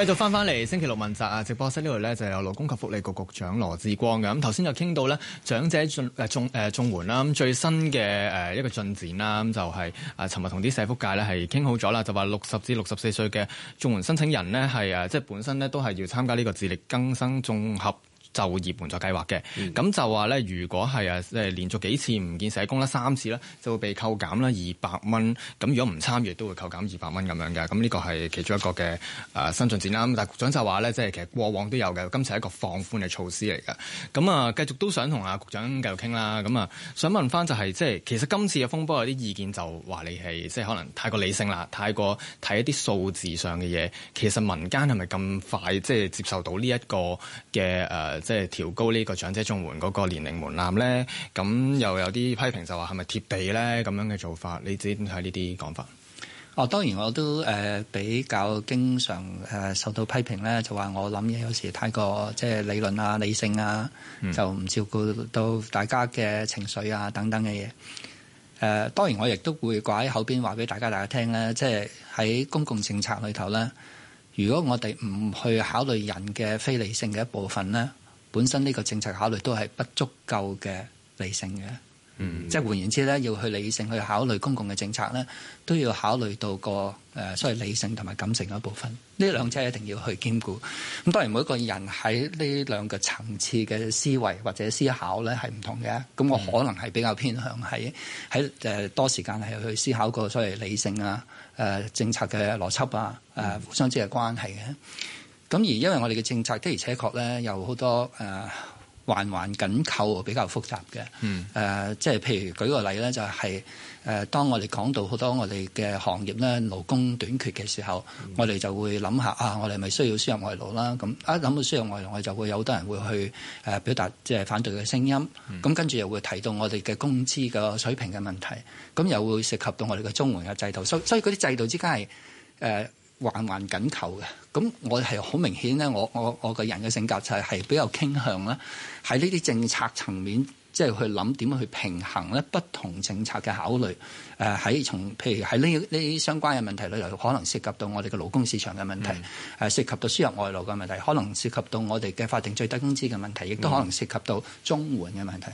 繼續翻翻嚟星期六問責啊！直播室呢度咧就有勞工及福利局局長羅致光嘅。咁頭先就傾到咧長者誒綜誒綜援啦，最新嘅誒一個進展啦，咁就係、是、啊，尋、呃、日同啲社福界咧係傾好咗啦，就話六十至六十四歲嘅綜援申請人咧係啊，即係本身咧都係要參加呢個自力更生綜合。就業援助計劃嘅，咁、嗯、就話咧，如果係啊，即係連續幾次唔見社工啦，三次啦，就會被扣減啦二百蚊。咁如果唔參與都會扣減二百蚊咁樣嘅。咁呢個係其中一個嘅誒、呃、新進展啦。咁但係局長就話咧，即係其實過往都有嘅，今次係一個放寬嘅措施嚟嘅。咁啊，繼續都想同阿局長繼續傾啦。咁啊，想問翻就係、是，即係其實今次嘅風波有啲意見就話你係即係可能太過理性啦，太過睇一啲數字上嘅嘢。其實民間係咪咁快即係接受到呢一個嘅即係調高呢個長者綜援嗰個年齡門檻咧，咁又有啲批評就話係咪貼地咧咁樣嘅做法？你自己點睇呢啲講法？哦，當然我都比較經常受到批評咧，就話我諗嘢有時太過即係、就是、理論啊、理性啊，就唔照顧到大家嘅情緒啊等等嘅嘢。誒、呃，當然我亦都會掛喺口邊話俾大家大家聽咧，即係喺公共政策裏頭咧，如果我哋唔去考慮人嘅非理性嘅一部分咧。本身呢個政策考慮都係不足夠嘅理性嘅，嗯、即係換言之咧，要去理性去考慮公共嘅政策咧，都要考慮到個誒、呃，所謂理性同埋感性嘅一部分，呢兩者一定要去兼顧。咁當然每一個人喺呢兩個層次嘅思維或者思考咧係唔同嘅，咁我可能係比較偏向喺喺、嗯、多時間係去思考個所謂理性啊、呃、政策嘅邏輯啊、互相之間關係嘅。咁而因為我哋嘅政策的而且確咧，有好多誒環環緊扣，比較複雜嘅。誒、嗯呃，即係譬如舉個例咧，就係、是、誒、呃、當我哋講到好多我哋嘅行業咧，勞工短缺嘅時候，嗯、我哋就會諗下啊，我哋咪需要輸入外勞啦。咁一諗到輸入外勞，我就會有好多人會去誒表達即係、呃、反對嘅聲音。咁、嗯、跟住又會提到我哋嘅工資嘅水平嘅問題。咁又會涉及到我哋嘅綜援嘅制度。所以所以嗰啲制度之間係誒、呃環環緊扣嘅，咁我係好明顯咧，我我我個人嘅性格就係比較傾向啦，喺呢啲政策層面。即係去諗點樣去平衡咧不同政策嘅考慮，誒、呃、喺從譬如喺呢呢啲相關嘅問題裏頭，可能涉及到我哋嘅勞工市場嘅問題，誒、嗯、涉及到輸入外勞嘅問題，可能涉及到我哋嘅法定最低工資嘅問題，亦都可能涉及到綜援嘅問題。誒、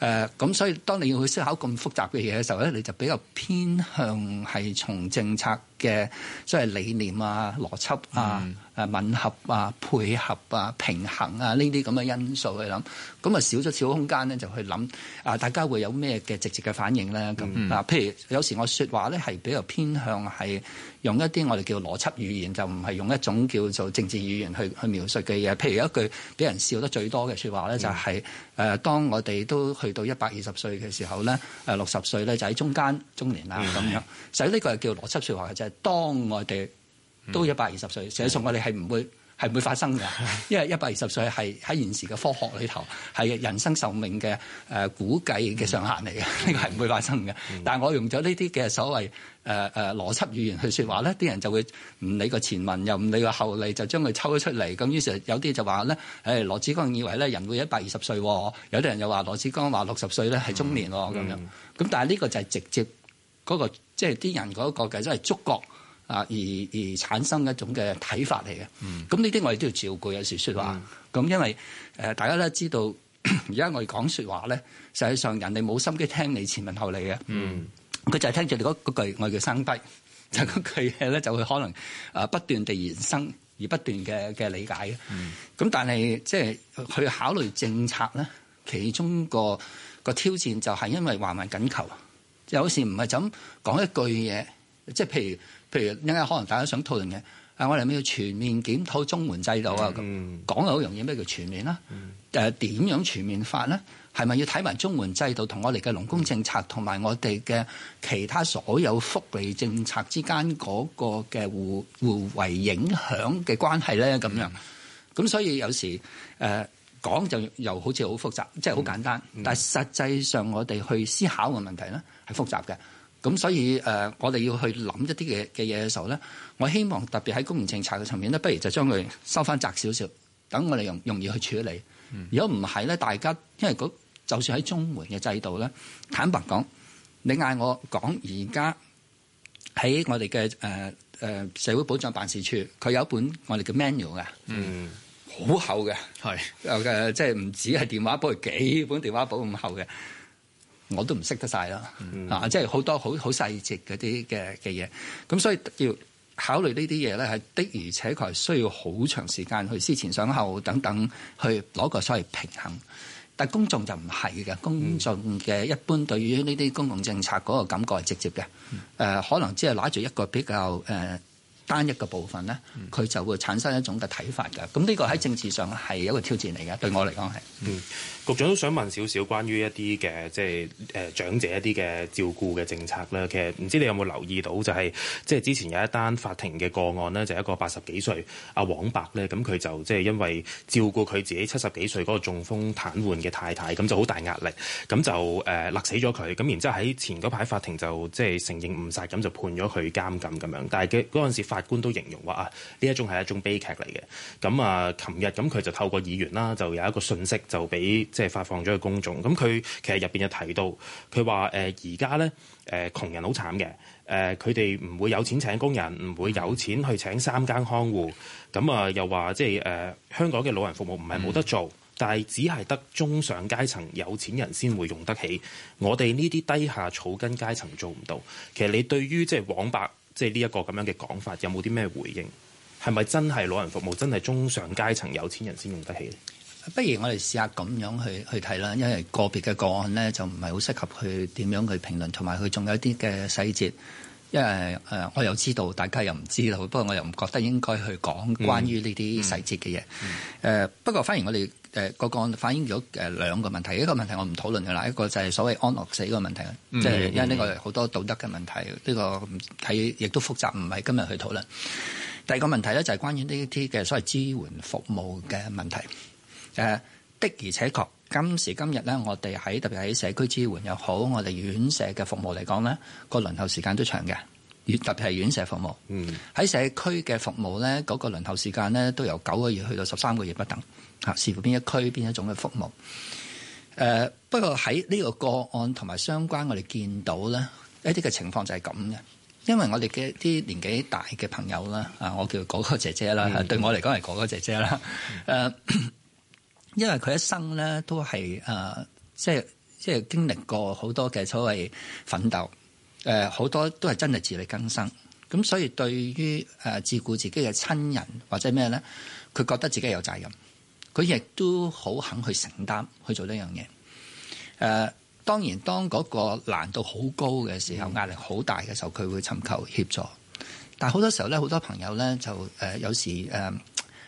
呃、咁，所以當你要去思考咁複雜嘅嘢嘅時候咧，你就比較偏向係從政策嘅即係理念啊、邏輯啊。嗯啊，吻合啊，配合啊，平衡啊，呢啲咁嘅因素去諗，咁啊少咗少空間咧，就去諗啊，大家會有咩嘅直接嘅反應咧？咁啊、嗯，譬如有時我說話咧，係比較偏向係用一啲我哋叫邏輯語言，就唔係用一種叫做政治語言去去描述嘅嘢。譬如一句俾人笑得最多嘅說話咧，嗯、就係、是、誒、呃、當我哋都去到一百二十歲嘅時候咧，誒六十歲咧就喺中間中年啦咁樣。所以呢個係叫邏輯說話嘅，就係、是、當我哋。都一百二十歲，寫信我哋係唔會係唔會發生㗎，因為一百二十歲係喺現時嘅科學裏頭係人生壽命嘅誒估計嘅上限嚟嘅，呢個係唔會發生嘅。但係我用咗呢啲嘅所謂誒誒、呃、邏輯語言去説話咧，啲、嗯、人就會唔理個前文，又唔理個後嚟，就將佢抽咗出嚟。咁於是有啲就話咧，誒、哎、羅致光以為咧人會一百二十歲，有啲人又話羅致光話六十歲咧係中年咁、嗯、樣。咁但係呢個就係直接嗰、那個即係啲人嗰、那個嘅都係觸覺。啊，而而產生一種嘅睇法嚟嘅。咁呢啲我哋都要照顧有時説話。咁、嗯、因為誒、呃、大家都知道，而家我哋講説話咧，實際上人哋冇心機聽你前文後理嘅。佢、嗯、就係聽住你嗰句我叫生低，就嗰句嘢咧就會可能啊不斷地延伸而不斷嘅嘅理解嘅。咁、嗯、但係即係去考慮政策咧，其中個個挑戰就係因為環環緊求，好似唔係就咁講一句嘢，即係譬如。譬如因為可能大家想討論嘅，啊我哋要全面檢討綜援制度啊，咁講又好容易，咩叫全面啦？誒點、嗯、樣全面法咧？係咪要睇埋綜援制度同我哋嘅勞工政策同埋、嗯、我哋嘅其他所有福利政策之間嗰個嘅互互，互為影響嘅關係咧？咁樣咁所以有時誒講、呃、就又好似好複雜，即係好簡單，嗯嗯、但係實際上我哋去思考嘅問題咧係複雜嘅。咁所以誒、呃，我哋要去諗一啲嘅嘅嘢嘅時候咧，我希望特別喺公民政策嘅層面咧，不如就將佢收翻窄少少，等我哋容易容易去處理。如果唔係咧，大家因為就算喺綜援嘅制度咧，坦白講，你嗌我講而家喺我哋嘅誒社會保障辦事處，佢有一本我哋嘅 manual 嘅，嗯，好厚嘅是、呃，即係唔止係電話簿，幾本電話簿咁厚嘅。我都唔識得晒啦，嗯、啊，即係好多好好細節嗰啲嘅嘅嘢，咁所以要考慮呢啲嘢咧，係的而且確係需要好長時間去思前想後等等，去攞個所謂平衡。但公眾就唔係嘅，公眾嘅一般對於呢啲公共政策嗰個感覺係直接嘅、呃，可能只係拿住一個比較誒單一嘅部分咧，佢就會產生一種嘅睇法嘅。咁呢個喺政治上係一個挑戰嚟嘅，嗯、對我嚟講係。嗯。局長都想問少少關於一啲嘅即係誒長者一啲嘅照顧嘅政策啦。其實唔知你有冇留意到，就係即係之前有一單法庭嘅個案呢就一個八十幾歲阿黃伯咧，咁佢就即係因為照顧佢自己七十幾歲嗰個中風癱瘓嘅太太，咁就好大壓力，咁就誒勒死咗佢，咁然之後喺前嗰排法庭就即係承認誤殺，咁就判咗佢監禁咁樣。但係嗰陣時法官都形容話啊，呢一種係一種悲劇嚟嘅。咁啊，琴日咁佢就透過議員啦，就有一個訊息就俾。即係發放咗去公眾，咁佢其實入邊又提到，佢話誒而家咧誒窮人好慘嘅，誒佢哋唔會有錢請工人，唔會有錢去請三間看護，咁啊又話即係誒、呃、香港嘅老人服務唔係冇得做，嗯、但係只係得中上階層有錢人先會用得起，我哋呢啲低下草根階層做唔到。其實你對於即係黃伯，即係呢一個咁樣嘅講法，有冇啲咩回應？係咪真係老人服務真係中上階層有錢人先用得起？不如我哋試下咁樣去去睇啦，因為個別嘅個案咧就唔係好適合去點樣去評論，同埋佢仲有一啲嘅細節。因為誒，我又知道大家又唔知道，不過我又唔覺得應該去講關於呢啲細節嘅嘢。誒、嗯，嗯嗯、不過反而我哋誒個,個案反映咗誒兩個問題。一個問題我唔討論噶啦，一個就係所謂安樂死個問題，即係、嗯、因為呢個好多道德嘅問題，呢、呢個睇亦都複雜，唔係今日去討論。第二個問題咧就係關於呢啲嘅所謂支援服務嘅問題。誒、呃、的而且確，今時今日咧，我哋喺特別喺社區支援又好，我哋院舍嘅服務嚟講咧，個輪候時間都長嘅，特別係院舍服務。嗯，喺社區嘅服務咧，九、嗰個輪候時間咧，都由九個月去到十三個月不等嚇，視乎邊一區邊一種嘅服務。誒、呃，不過喺呢個個案同埋相關，我哋見到咧一啲嘅情況就係咁嘅，因為我哋嘅啲年紀大嘅朋友啦，啊，我叫哥哥姐姐啦，嗯、對我嚟講係哥哥姐姐啦，嗯 (coughs) 因為佢一生咧都係誒，即係即係經歷過好多嘅所謂奮鬥，誒、呃、好多都係真係自力更生。咁所以對於誒照、呃、顧自己嘅親人或者咩咧，佢覺得自己有責任，佢亦都好肯去承擔去做呢樣嘢。誒、呃、當然當嗰個難度好高嘅時候，的壓力好大嘅時候，佢會尋求協助。但係好多時候咧，好多朋友咧就誒、呃、有時誒係、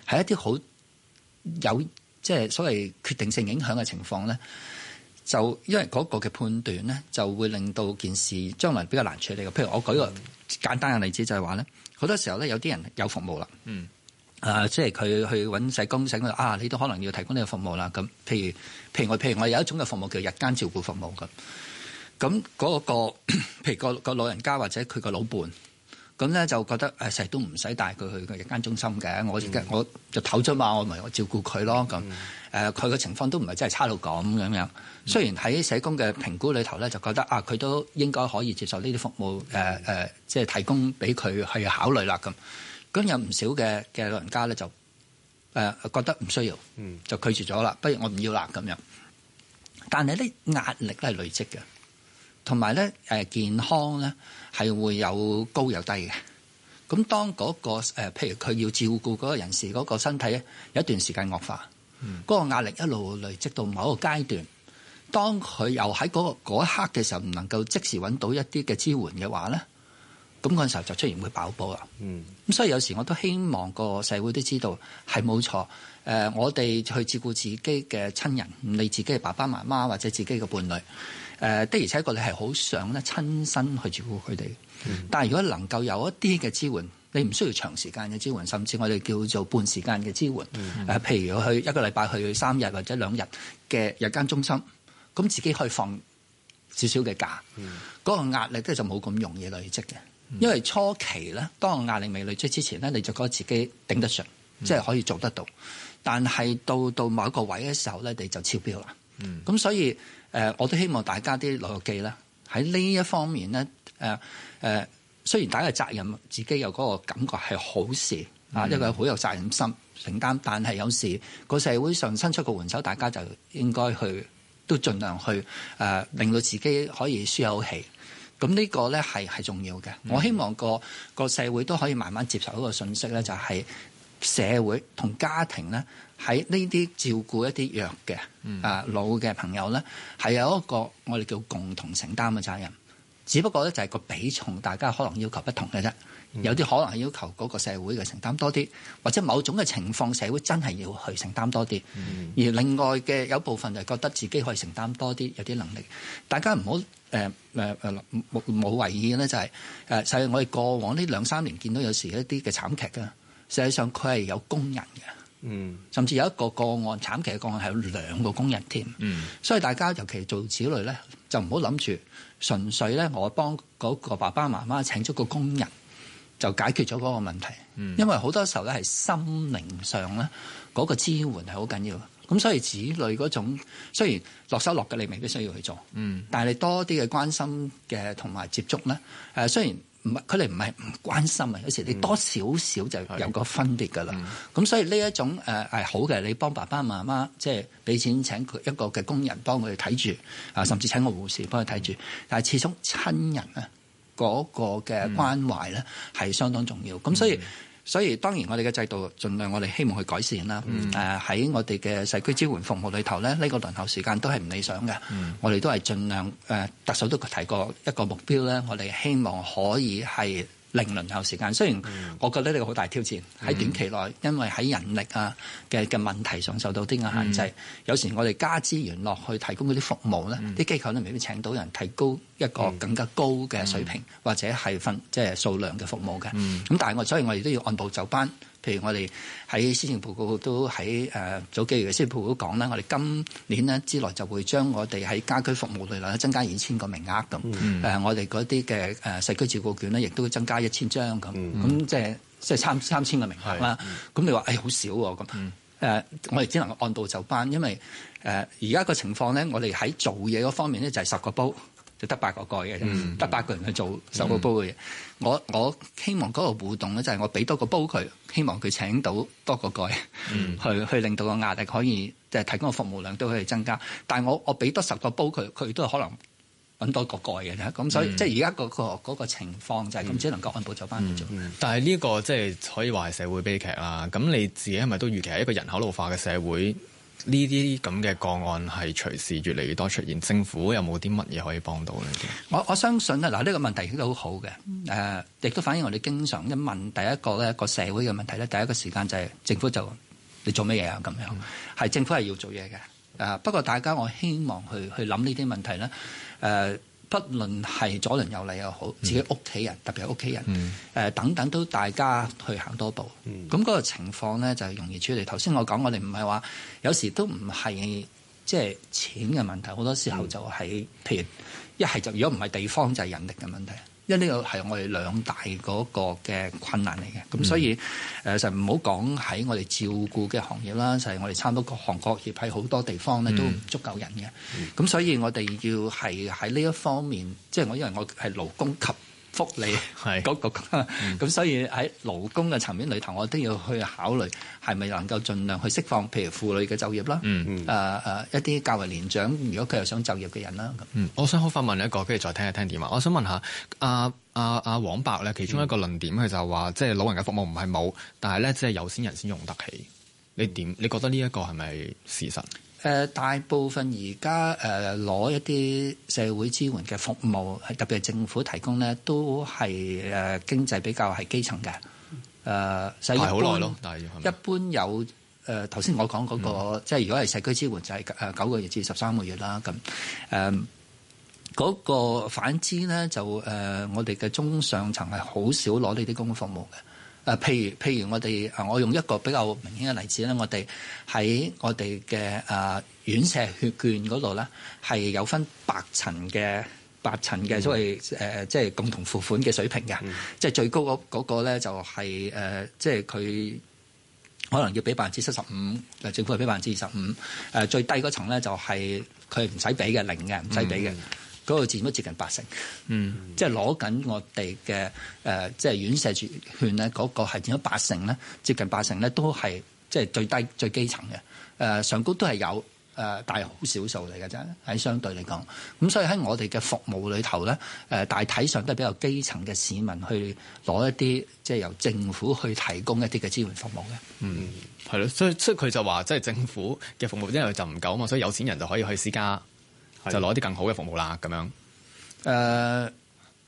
呃、一啲好有。即係所謂決定性影響嘅情況咧，就因為嗰個嘅判斷咧，就會令到件事將來比較難處理嘅。譬如我舉個簡單嘅例子，就係話咧，好多時候咧有啲人有服務啦，嗯啊，即係佢去揾社工，社工啊，你都可能要提供呢個服務啦。咁譬如譬如我譬如我有一種嘅服務叫日間照顧服務咁，咁嗰個，譬如個個老人家或者佢個老伴。咁咧就覺得成日都唔使帶佢去日間中心嘅，我、嗯、我就唞咗嘛，我咪我照顧佢咯咁。佢嘅、嗯呃、情況都唔係真係差到咁咁樣，樣。雖然喺社工嘅評估裏頭咧，就覺得啊佢都應該可以接受呢啲服務，誒即係提供俾佢去考慮啦咁。咁有唔少嘅嘅老人家咧就誒、呃、覺得唔需要，就拒絕咗啦。不如我唔要啦咁樣。但係呢壓力係累積嘅。同埋咧，誒健康咧，係會有高有低嘅。咁當嗰、誒，譬如佢要照顧嗰個人士嗰個身體咧，有一段時間惡化，嗰、嗯、個壓力一路累積到某一個階段，當佢又喺嗰一刻嘅時候，唔能夠即時揾到一啲嘅支援嘅話咧，咁嗰陣時候就出現會爆煲啊！嗯，咁所以有時我都希望個社會都知道係冇錯。誒，我哋去照顧自己嘅親人，唔理自己嘅爸爸媽媽或者自己嘅伴侶。誒的而且確，你係好想咧親身去照顧佢哋。嗯、但如果能夠有一啲嘅支援，你唔需要長時間嘅支援，甚至我哋叫做半時間嘅支援。嗯、譬如去一個禮拜去三日或者兩日嘅日間中心，咁自己可以放少少嘅假。嗰、嗯、個壓力咧就冇咁容易累積嘅，因為初期咧，當壓力未累積之前咧，你就覺得自己頂得順，即係、嗯、可以做得到。但係到到某一個位嘅時候咧，你就超標啦。咁、嗯、所以。我都希望大家啲老友記呢，喺呢一方面咧，誒誒，雖然大家嘅責任，自己有嗰個感覺係好事啊，一個好有責任心承擔，但係有時個社會上伸出個援手，大家就應該去都盡量去誒，令到自己可以舒口氣。咁呢個咧係重要嘅。我希望個個社會都可以慢慢接受一個信息咧，就係、是、社會同家庭咧。喺呢啲照顧一啲弱嘅啊老嘅朋友咧，係、嗯、有一個我哋叫共同承擔嘅責任。只不過咧就係個比重，大家可能要求不同嘅啫。有啲可能係要求嗰個社會嘅承擔多啲，或者某種嘅情況，社會真係要去承擔多啲。嗯、而另外嘅有部分就係覺得自己可以承擔多啲，有啲能力。大家唔好誒誒誒冇冇為意咧，就係、是、誒。係、呃、我哋過往呢兩三年見到有時一啲嘅慘劇啊，實際上佢係有工人嘅。嗯，甚至有一個個案慘劇嘅個案係有兩個工人添，嗯、所以大家尤其做子女咧，就唔好諗住純粹咧，我幫嗰個爸爸媽媽請咗個工人就解決咗嗰個問題，嗯、因為好多時候咧係心靈上咧嗰個支援係好緊要，咁所以子女嗰種雖然落手落腳你未必需要去做，嗯，但係你多啲嘅關心嘅同埋接觸咧誒，雖然。唔係佢哋唔係唔關心啊！有時你多少少就有個分別㗎啦。咁、嗯嗯、所以呢一種誒係、呃、好嘅，你幫爸爸媽媽即係俾錢請一個嘅工人幫佢哋睇住、嗯、啊，甚至請個護士幫佢睇住。嗯、但係始終親人啊嗰個嘅關懷咧係、嗯、相當重要。咁所以。嗯。所以當然我哋嘅制度盡量我哋希望去改善啦。喺、嗯呃、我哋嘅社區支援服務裏頭呢、呢個輪候時間都係唔理想嘅。嗯、我哋都係盡量、呃、特首都提過一個目標呢，我哋希望可以係零輪候時間，雖然我覺得呢個好大挑戰，喺、嗯、短期內，因為喺人力啊嘅嘅問題上受到啲嘅限制，嗯、有時我哋加資源落去提供嗰啲服務咧，啲機、嗯、構咧未必請到人提高一個更加高嘅水平、嗯、或者係分即係數量嘅服務嘅，咁但係我所以我哋都要按部就班。譬如我哋喺施政報告都喺誒、呃、早幾月嘅施政報告都講啦，我哋今年咧之內就會將我哋喺家居服務類量增加二千個名額咁誒、mm hmm. 呃，我哋嗰啲嘅誒社區照顧券咧，亦都會增加一千張咁咁、mm hmm.，即係即係三三千個名額啦。咁、mm hmm. 你話誒好少喎咁誒，我哋只能按道就班，因為誒而家個情況咧，我哋喺做嘢嗰方面咧就係、是、十個煲。就得八個蓋嘅啫，得八、嗯、個人去做十個煲嘅。嗯、我我希望嗰個互動咧，就係我俾多個煲佢，希望佢請到多個蓋，嗯、去去令到個壓力可以即係、就是、提供個服務量都可以增加。但係我我俾多十個煲佢，佢都可能搵多個蓋嘅啫。咁所以、嗯、即係而家個個、那個情況就係咁，只能夠按部就班去做。嗯嗯嗯嗯、但係呢個即係可以話係社會悲劇啦。咁你自己係咪都預期係一個人口老化嘅社會？呢啲咁嘅個案係隨時越嚟越多出現，政府有冇啲乜嘢可以幫到咧？我我相信啦，嗱、這、呢個問題亦都好好嘅，誒亦都反映我哋經常一問第一個咧一個社會嘅問題咧，第一個時間就係、是、政府就你做乜嘢啊咁樣，係、嗯、政府係要做嘢嘅，誒、呃、不過大家我希望去去諗呢啲問題咧，誒、呃。不論係左鄰右里又好，自己屋企人，特別係屋企人、嗯呃，等等都大家去行多步，咁嗰、嗯、個情況咧就容易處理。頭先我講，我哋唔係話，有時都唔係即係錢嘅問題，好多時候就係、是嗯、譬如一係就如果唔係地方就係人力嘅問題。因為呢個係我哋兩大嗰個嘅困難嚟嘅。咁所以誒就唔好講喺我哋照顧嘅行業啦，就係、是、我哋差唔多各行各業喺好多地方咧都唔足夠人嘅，咁、嗯、所以我哋要係喺呢一方面，即係我因為我係勞工及。福利係嗰咁，是 (laughs) 所以喺勞工嘅層面裏頭，我都要去考慮係咪能夠盡量去釋放，譬如婦女嘅就業啦，誒誒、嗯嗯呃呃，一啲較為年長，如果佢又想就業嘅人啦。嗯，樣我想好發問一個，跟住再聽一聽點啊。我想問下阿阿阿黃伯咧，其中一個論點，佢、嗯、就話即係老人嘅服務唔係冇，但係咧只係有錢人先用得起。你點你覺得呢一個係咪事實？誒、呃、大部分而家誒攞一啲社會支援嘅服務，特別係政府提供咧，都係誒、呃、經濟比較係基層嘅誒，係好耐咯。一般，一般有誒頭先我講嗰、嗰個，嗯、即係如果係社區支援就係誒九個月至十三個月啦。咁誒嗰個反之咧，就誒、呃、我哋嘅中上層係好少攞呢啲公共服務嘅。誒、呃，譬如譬如我哋、呃，我用一個比較明顯嘅例子咧，我哋喺我哋嘅誒院舍血券嗰度咧，係有分八層嘅八層嘅，所謂即係、嗯呃就係、共同付款嘅水平嘅，嗯、即係最高嗰個咧就係即係佢可能要俾百分之七十五，誒政府係俾百分之二十五，最低嗰層咧就係佢唔使俾嘅零嘅，唔使俾嘅。嗰個佔咗接近八成，嗯，即係攞緊我哋嘅誒，即係院舍住券咧，嗰、那個係佔咗八成咧，接近八成咧，都係即係最低最基層嘅，誒、呃、上高都係有誒大好少數嚟嘅啫，喺相對嚟講。咁所以喺我哋嘅服務裏頭咧，誒、呃、大體上都係比較基層嘅市民去攞一啲，即係由政府去提供一啲嘅支援服務嘅。嗯，係咯，所以所以佢就話，即係政府嘅服務因為就唔夠啊嘛，所以有錢人就可以去私家。就攞啲更好嘅服務啦，咁樣。誒、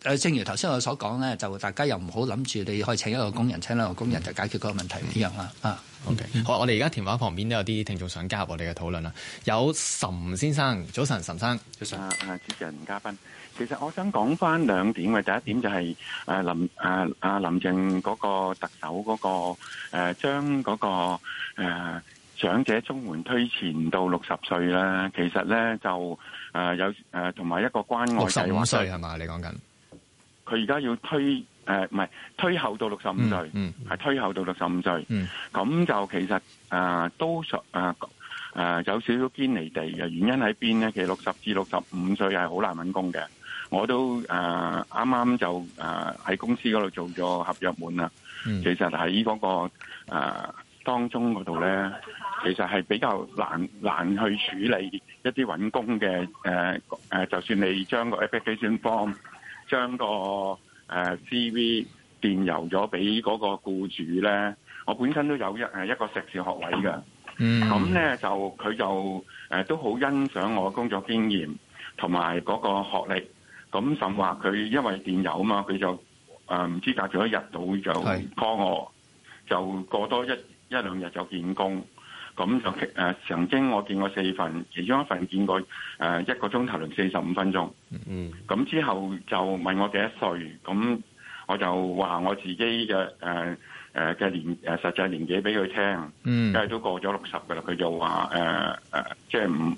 呃、正如頭先我所講咧，就大家又唔好諗住，你可以請一個工人，請兩個工人、嗯、就解決個問題啲人啦。嗯、啊，OK，、嗯、好，我哋而家電話旁邊都有啲聽眾想加入我哋嘅討論啦。有岑先生，早晨，岑生。早晨啊，主持人嘉賓。其實我想講返兩點嘅，第一點就係、是呃、林啊林鄭嗰個特首嗰、那個、呃、將將、那、嗰個、呃長者綜援推前到六十歲啦，其實咧就誒、呃、有誒同埋一個關愛。六十五歲係嘛？你講緊？佢而家要推誒唔係推後到六十五歲，係、嗯嗯、推後到六十五歲。咁、嗯、就其實誒、呃、都誒、呃呃、有少少堅離地嘅原因喺邊咧？其實六十至六十五歲係好難揾工嘅。我都誒啱啱就誒喺、呃、公司嗰度做咗合約滿啦。其實喺嗰、那個、呃當中嗰度咧，其實係比較難難去處理一啲揾工嘅、呃呃、就算你將個 application form，將個、呃、CV 電郵咗俾嗰個僱主咧，我本身都有一一個碩士學位嘅，咁咧、嗯、就佢就、呃、都好欣賞我工作經驗同埋嗰個學歷，咁甚至話佢因為電郵啊嘛，佢就唔知隔咗一日到就 call 我，是就過多一。一兩日就見工，咁就誒、呃，曾經我見過四份，其中一份見過誒、呃、一個鐘頭零四十五分鐘，嗯，咁之後就問我幾多歲，咁我就話我自己嘅誒嘅年實際年紀俾佢聽，嗯，因為都過咗六十㗎啦，佢就話誒、呃呃、即係唔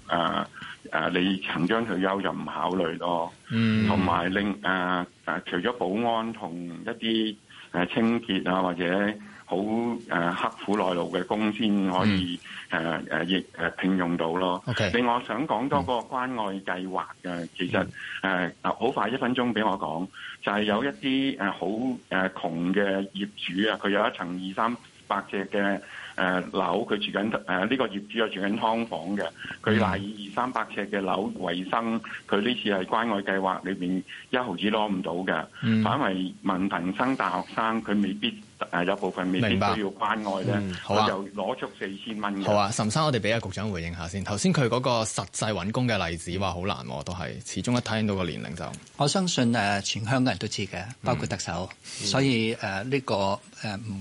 誒你曾將退休就唔考慮咯，嗯，同埋另誒除咗保安同一啲清潔啊或者。好誒刻苦耐勞嘅工先可以誒誒、嗯呃、亦誒聘用到咯。Okay, 另外，我想講多個關愛計劃嘅，嗯、其實誒好、呃、快一分鐘俾我講，就係、是、有一啲誒好誒窮嘅業主啊，佢有一層二三百尺嘅誒樓，佢、呃、住緊誒呢個業主又住緊劏房嘅，佢嗱以二三百尺嘅樓為生，佢呢次係關愛計劃裏邊一毫子攞唔到嘅，嗯、反為文憑生大學生佢未必。誒有部分未必需要關愛咧，我就攞足四千蚊。好啊，好啊岑生，我哋俾阿局長回應一下先。頭先佢嗰個實際揾工嘅例子話好難喎、啊，都係始終一聽到個年齡就我相信誒、呃，全香港人都知嘅，包括特首，嗯、所以誒呢、呃這個誒唔、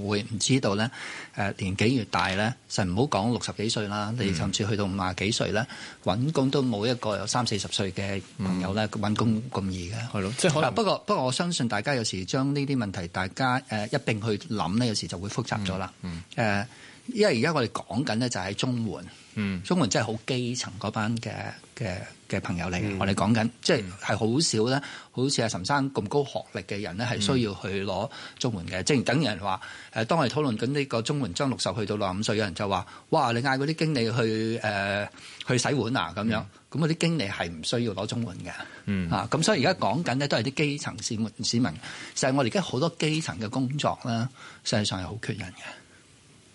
呃、會唔知道咧。誒、呃、年紀越大咧，就唔好講六十幾歲啦，嗯、你甚至去到五廿幾歲咧，揾工都冇一個有三四十歲嘅朋友咧揾、嗯、工咁易嘅，係咯、嗯，的即係可能。啊、不過不過我相信大家有時將呢啲問題，大家誒、呃、一並去。諗咧，有時就會複雜咗啦。誒、嗯，嗯、因為而家我哋講緊咧，就喺、嗯、綜援。綜援真係好基層嗰班嘅嘅嘅朋友嚟嘅。嗯、我哋講緊，即係係好少咧。好似阿岑生咁高學歷嘅人咧，係需要去攞綜援嘅。即係等人話誒，當我哋討論緊呢個綜援將六十去到六十五歲，有人就話，哇！你嗌嗰啲經理去誒、呃、去洗碗啊咁樣。嗯。咁我啲經理係唔需要攞綜援嘅，嗯、啊，咁所以而家講緊咧都係啲基層市民市民，就係我哋而家好多基層嘅工作呢，實際上係好缺人嘅。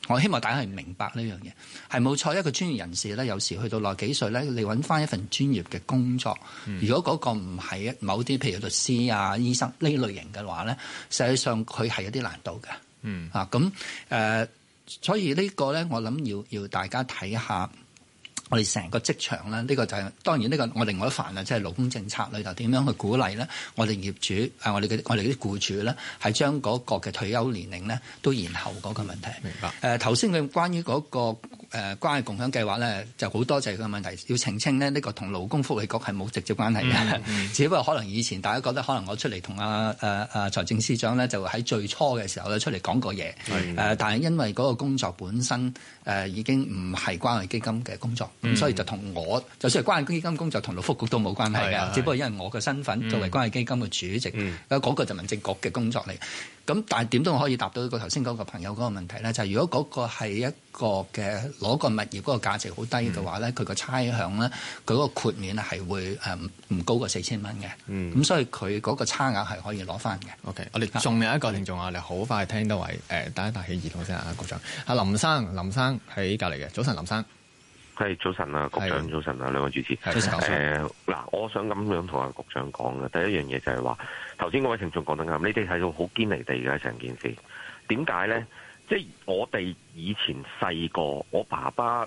我希望大家係明白呢樣嘢，係冇錯。一個專業人士咧，有時去到六十幾歲咧，你搵翻一份專業嘅工作，如果嗰個唔係某啲譬如律師啊、醫生呢類型嘅話咧，實際上佢係有啲難度嘅。嗯，咁誒、啊呃，所以個呢個咧，我諗要要大家睇下。我哋成個職場呢，呢、這個就係、是、當然呢個我另外一範啦，即、就、係、是、勞工政策裏頭點樣去鼓勵呢？我哋業主啊，我哋嘅我哋啲僱主呢，係將嗰個嘅退休年齡呢都延後嗰個問題。嗯、明白。誒頭先佢關於嗰、那個。誒、呃、關愛共享計劃咧，就好多謝佢個問題，要澄清咧，呢、這個同勞工福利局係冇直接關係嘅。Mm hmm. 只不過可能以前大家覺得，可能我出嚟同阿誒誒財政司長咧，就喺最初嘅時候咧出嚟講過嘢。誒、mm hmm. 呃，但係因為嗰個工作本身誒、呃、已經唔係關愛基金嘅工作，咁、mm hmm. 所以就同我就算係關愛基金工作，同勞福局都冇關係嘅。Mm hmm. 只不過因為我嘅身份、mm hmm. 作為關愛基金嘅主席，嗰、mm hmm. 個就民政局嘅工作嚟。咁但係點都可以答到個頭先嗰個朋友嗰個問題咧，就係、是、如果嗰個係一個嘅攞個物業嗰個價值好低嘅話咧，佢個、嗯、差餉咧，佢個個豁免咧係會誒唔高過四千蚊嘅。咁、嗯、所以佢嗰個差額係可以攞翻嘅。OK，我哋仲有一個聽眾啊，的你好快聽到位誒大、呃、一大喜兒先生啊，局長啊林生，林生喺隔離嘅，早晨林生。係早晨啊，局長的早晨安啊，兩位主持。早晨安，誒，嗱，我想咁樣同阿局長講嘅第一樣嘢就係話，頭先嗰位聽眾講得啱，你哋睇到好堅離地嘅，成件事，點解咧？即係我哋以前細個，我爸爸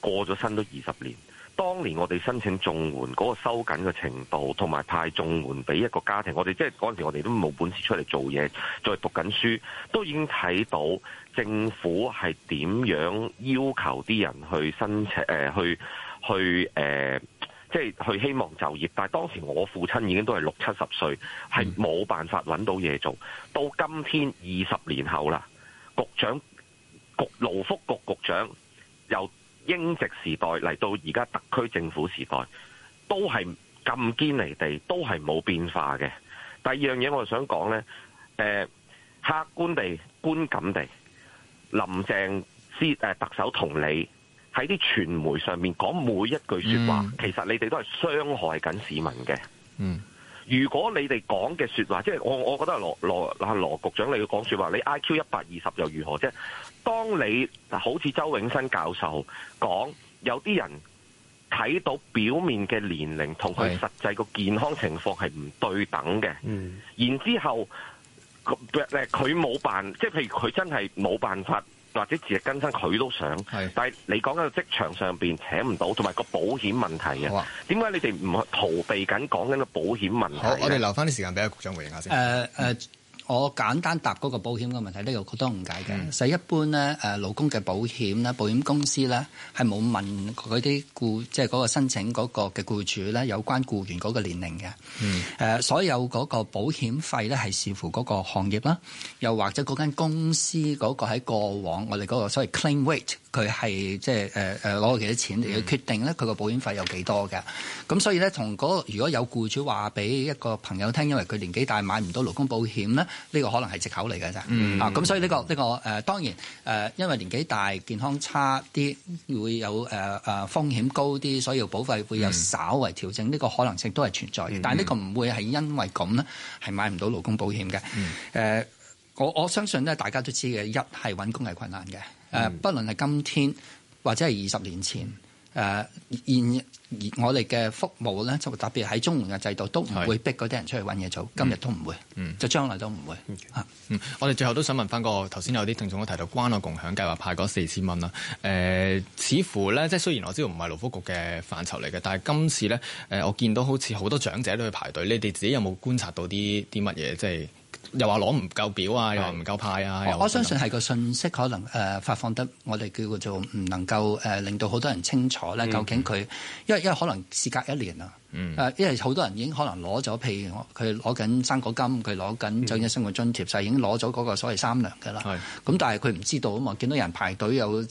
過咗身都二十年。當年我哋申請綜援嗰個收緊嘅程度，同埋派綜援俾一個家庭，我哋即係嗰陣時，我哋都冇本事出嚟做嘢，再讀緊書，都已經睇到政府係點樣要求啲人去申請、呃、去去誒、呃，即係去希望就業。但係當時我父親已經都係六七十歲，係冇辦法揾到嘢做。到今天二十年後啦，局長局勞福局局長英殖時代嚟到而家特區政府時代，都係咁堅離地，都係冇變化嘅。第二樣嘢我就想講呢，客觀地觀感地，林鄭特首同你喺啲傳媒上面講每一句説話，嗯、其實你哋都係傷害緊市民嘅。嗯，如果你哋講嘅説話，即係我我覺得羅羅羅局長你要講説話，你 IQ 一百二十又如何啫？當你好似周永新教授講，有啲人睇到表面嘅年齡同佢實際個健康情況係唔對等嘅。的嗯然，然之後佢冇辦，即係譬如佢真係冇辦法，或者自力更生，佢都想。是的 但係你講緊個職場上面請唔到，同埋個保險問題嘩，點解你哋唔逃避緊講緊個保險問題？好，我哋留翻啲時間俾阿局長回應下先。Uh, uh, 我簡單答嗰個保險嘅問題呢，這個好多誤解嘅。實際、嗯、一般咧，誒勞工嘅保險咧，保險公司咧係冇問嗰啲僱，即係嗰個申請嗰個嘅僱主咧，有關僱員嗰個年齡嘅。嗯、所有嗰個保險費咧係視乎嗰個行業啦，又或者嗰間公司嗰個喺過往我哋嗰個所謂 claim weight，佢係即係誒誒攞幾多錢嚟去決定咧佢個保險費有幾多嘅。咁、嗯、所以咧，同如果有僱主話俾一個朋友聽，因為佢年紀大買唔到勞工保險咧。呢個可能係藉口嚟嘅啫，嗯、啊，咁所以呢、呢個呢、呢個誒當然誒，因為年紀大、健康差啲，會有誒誒、呃、風險高啲，所以保費會有稍為調整，呢、嗯、個可能性都係存在嘅。嗯、但係呢個唔會係因為咁咧，係買唔到勞工保險嘅。誒、嗯呃，我我相信咧，大家都知嘅，一係揾工係困難嘅，誒、嗯，不論係今天或者係二十年前。誒現、呃、我哋嘅服務咧，就特別喺綜援嘅制度都唔會逼嗰啲人出去揾嘢做，是今日都唔會，嗯、就將來都唔會。嗯，是我哋最後都想問翻個頭先有啲聽眾都提到關愛共享計劃派嗰四千蚊啦。誒、呃，似乎咧，即係雖然我知道唔係勞福局嘅範疇嚟嘅，但係今次咧，誒，我見到好似好多長者都去排隊，你哋自己有冇觀察到啲啲乜嘢？即係。又話攞唔夠表啊，又話唔夠派啊！我的說我相信係個信息可能誒、呃、發放得，我哋叫做唔能夠誒、呃、令到好多人清楚咧，究竟佢，嗯嗯因為因為可能事隔一年啊。嗯，誒，因為好多人已經可能攞咗，譬如佢攞緊生果金，佢攞緊長者生活津貼，就、嗯、已經攞咗嗰個所謂三糧嘅啦。咁是但係佢唔知道啊嘛，見到人排隊有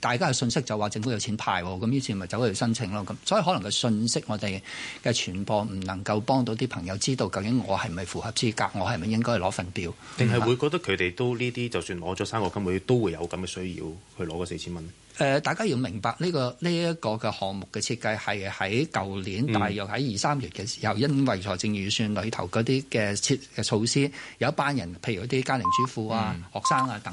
大家嘅信息就話政府有錢派，咁於是咪走去申請咯。咁所以可能個信息我哋嘅傳播唔能夠幫到啲朋友知道究竟我係咪符合資格，我係咪應該攞份表，定係會覺得佢哋都呢啲就算攞咗生果金，佢都會有咁嘅需要去攞個四千蚊。誒、呃、大家要明白呢、呢個呢一、呢個嘅項目嘅設計係喺舊年，大約喺二三月嘅時候，嗯、因為財政預算裏頭啲嘅設嘅措施，有一班人，譬如啲家庭主婦啊、嗯、學生啊等。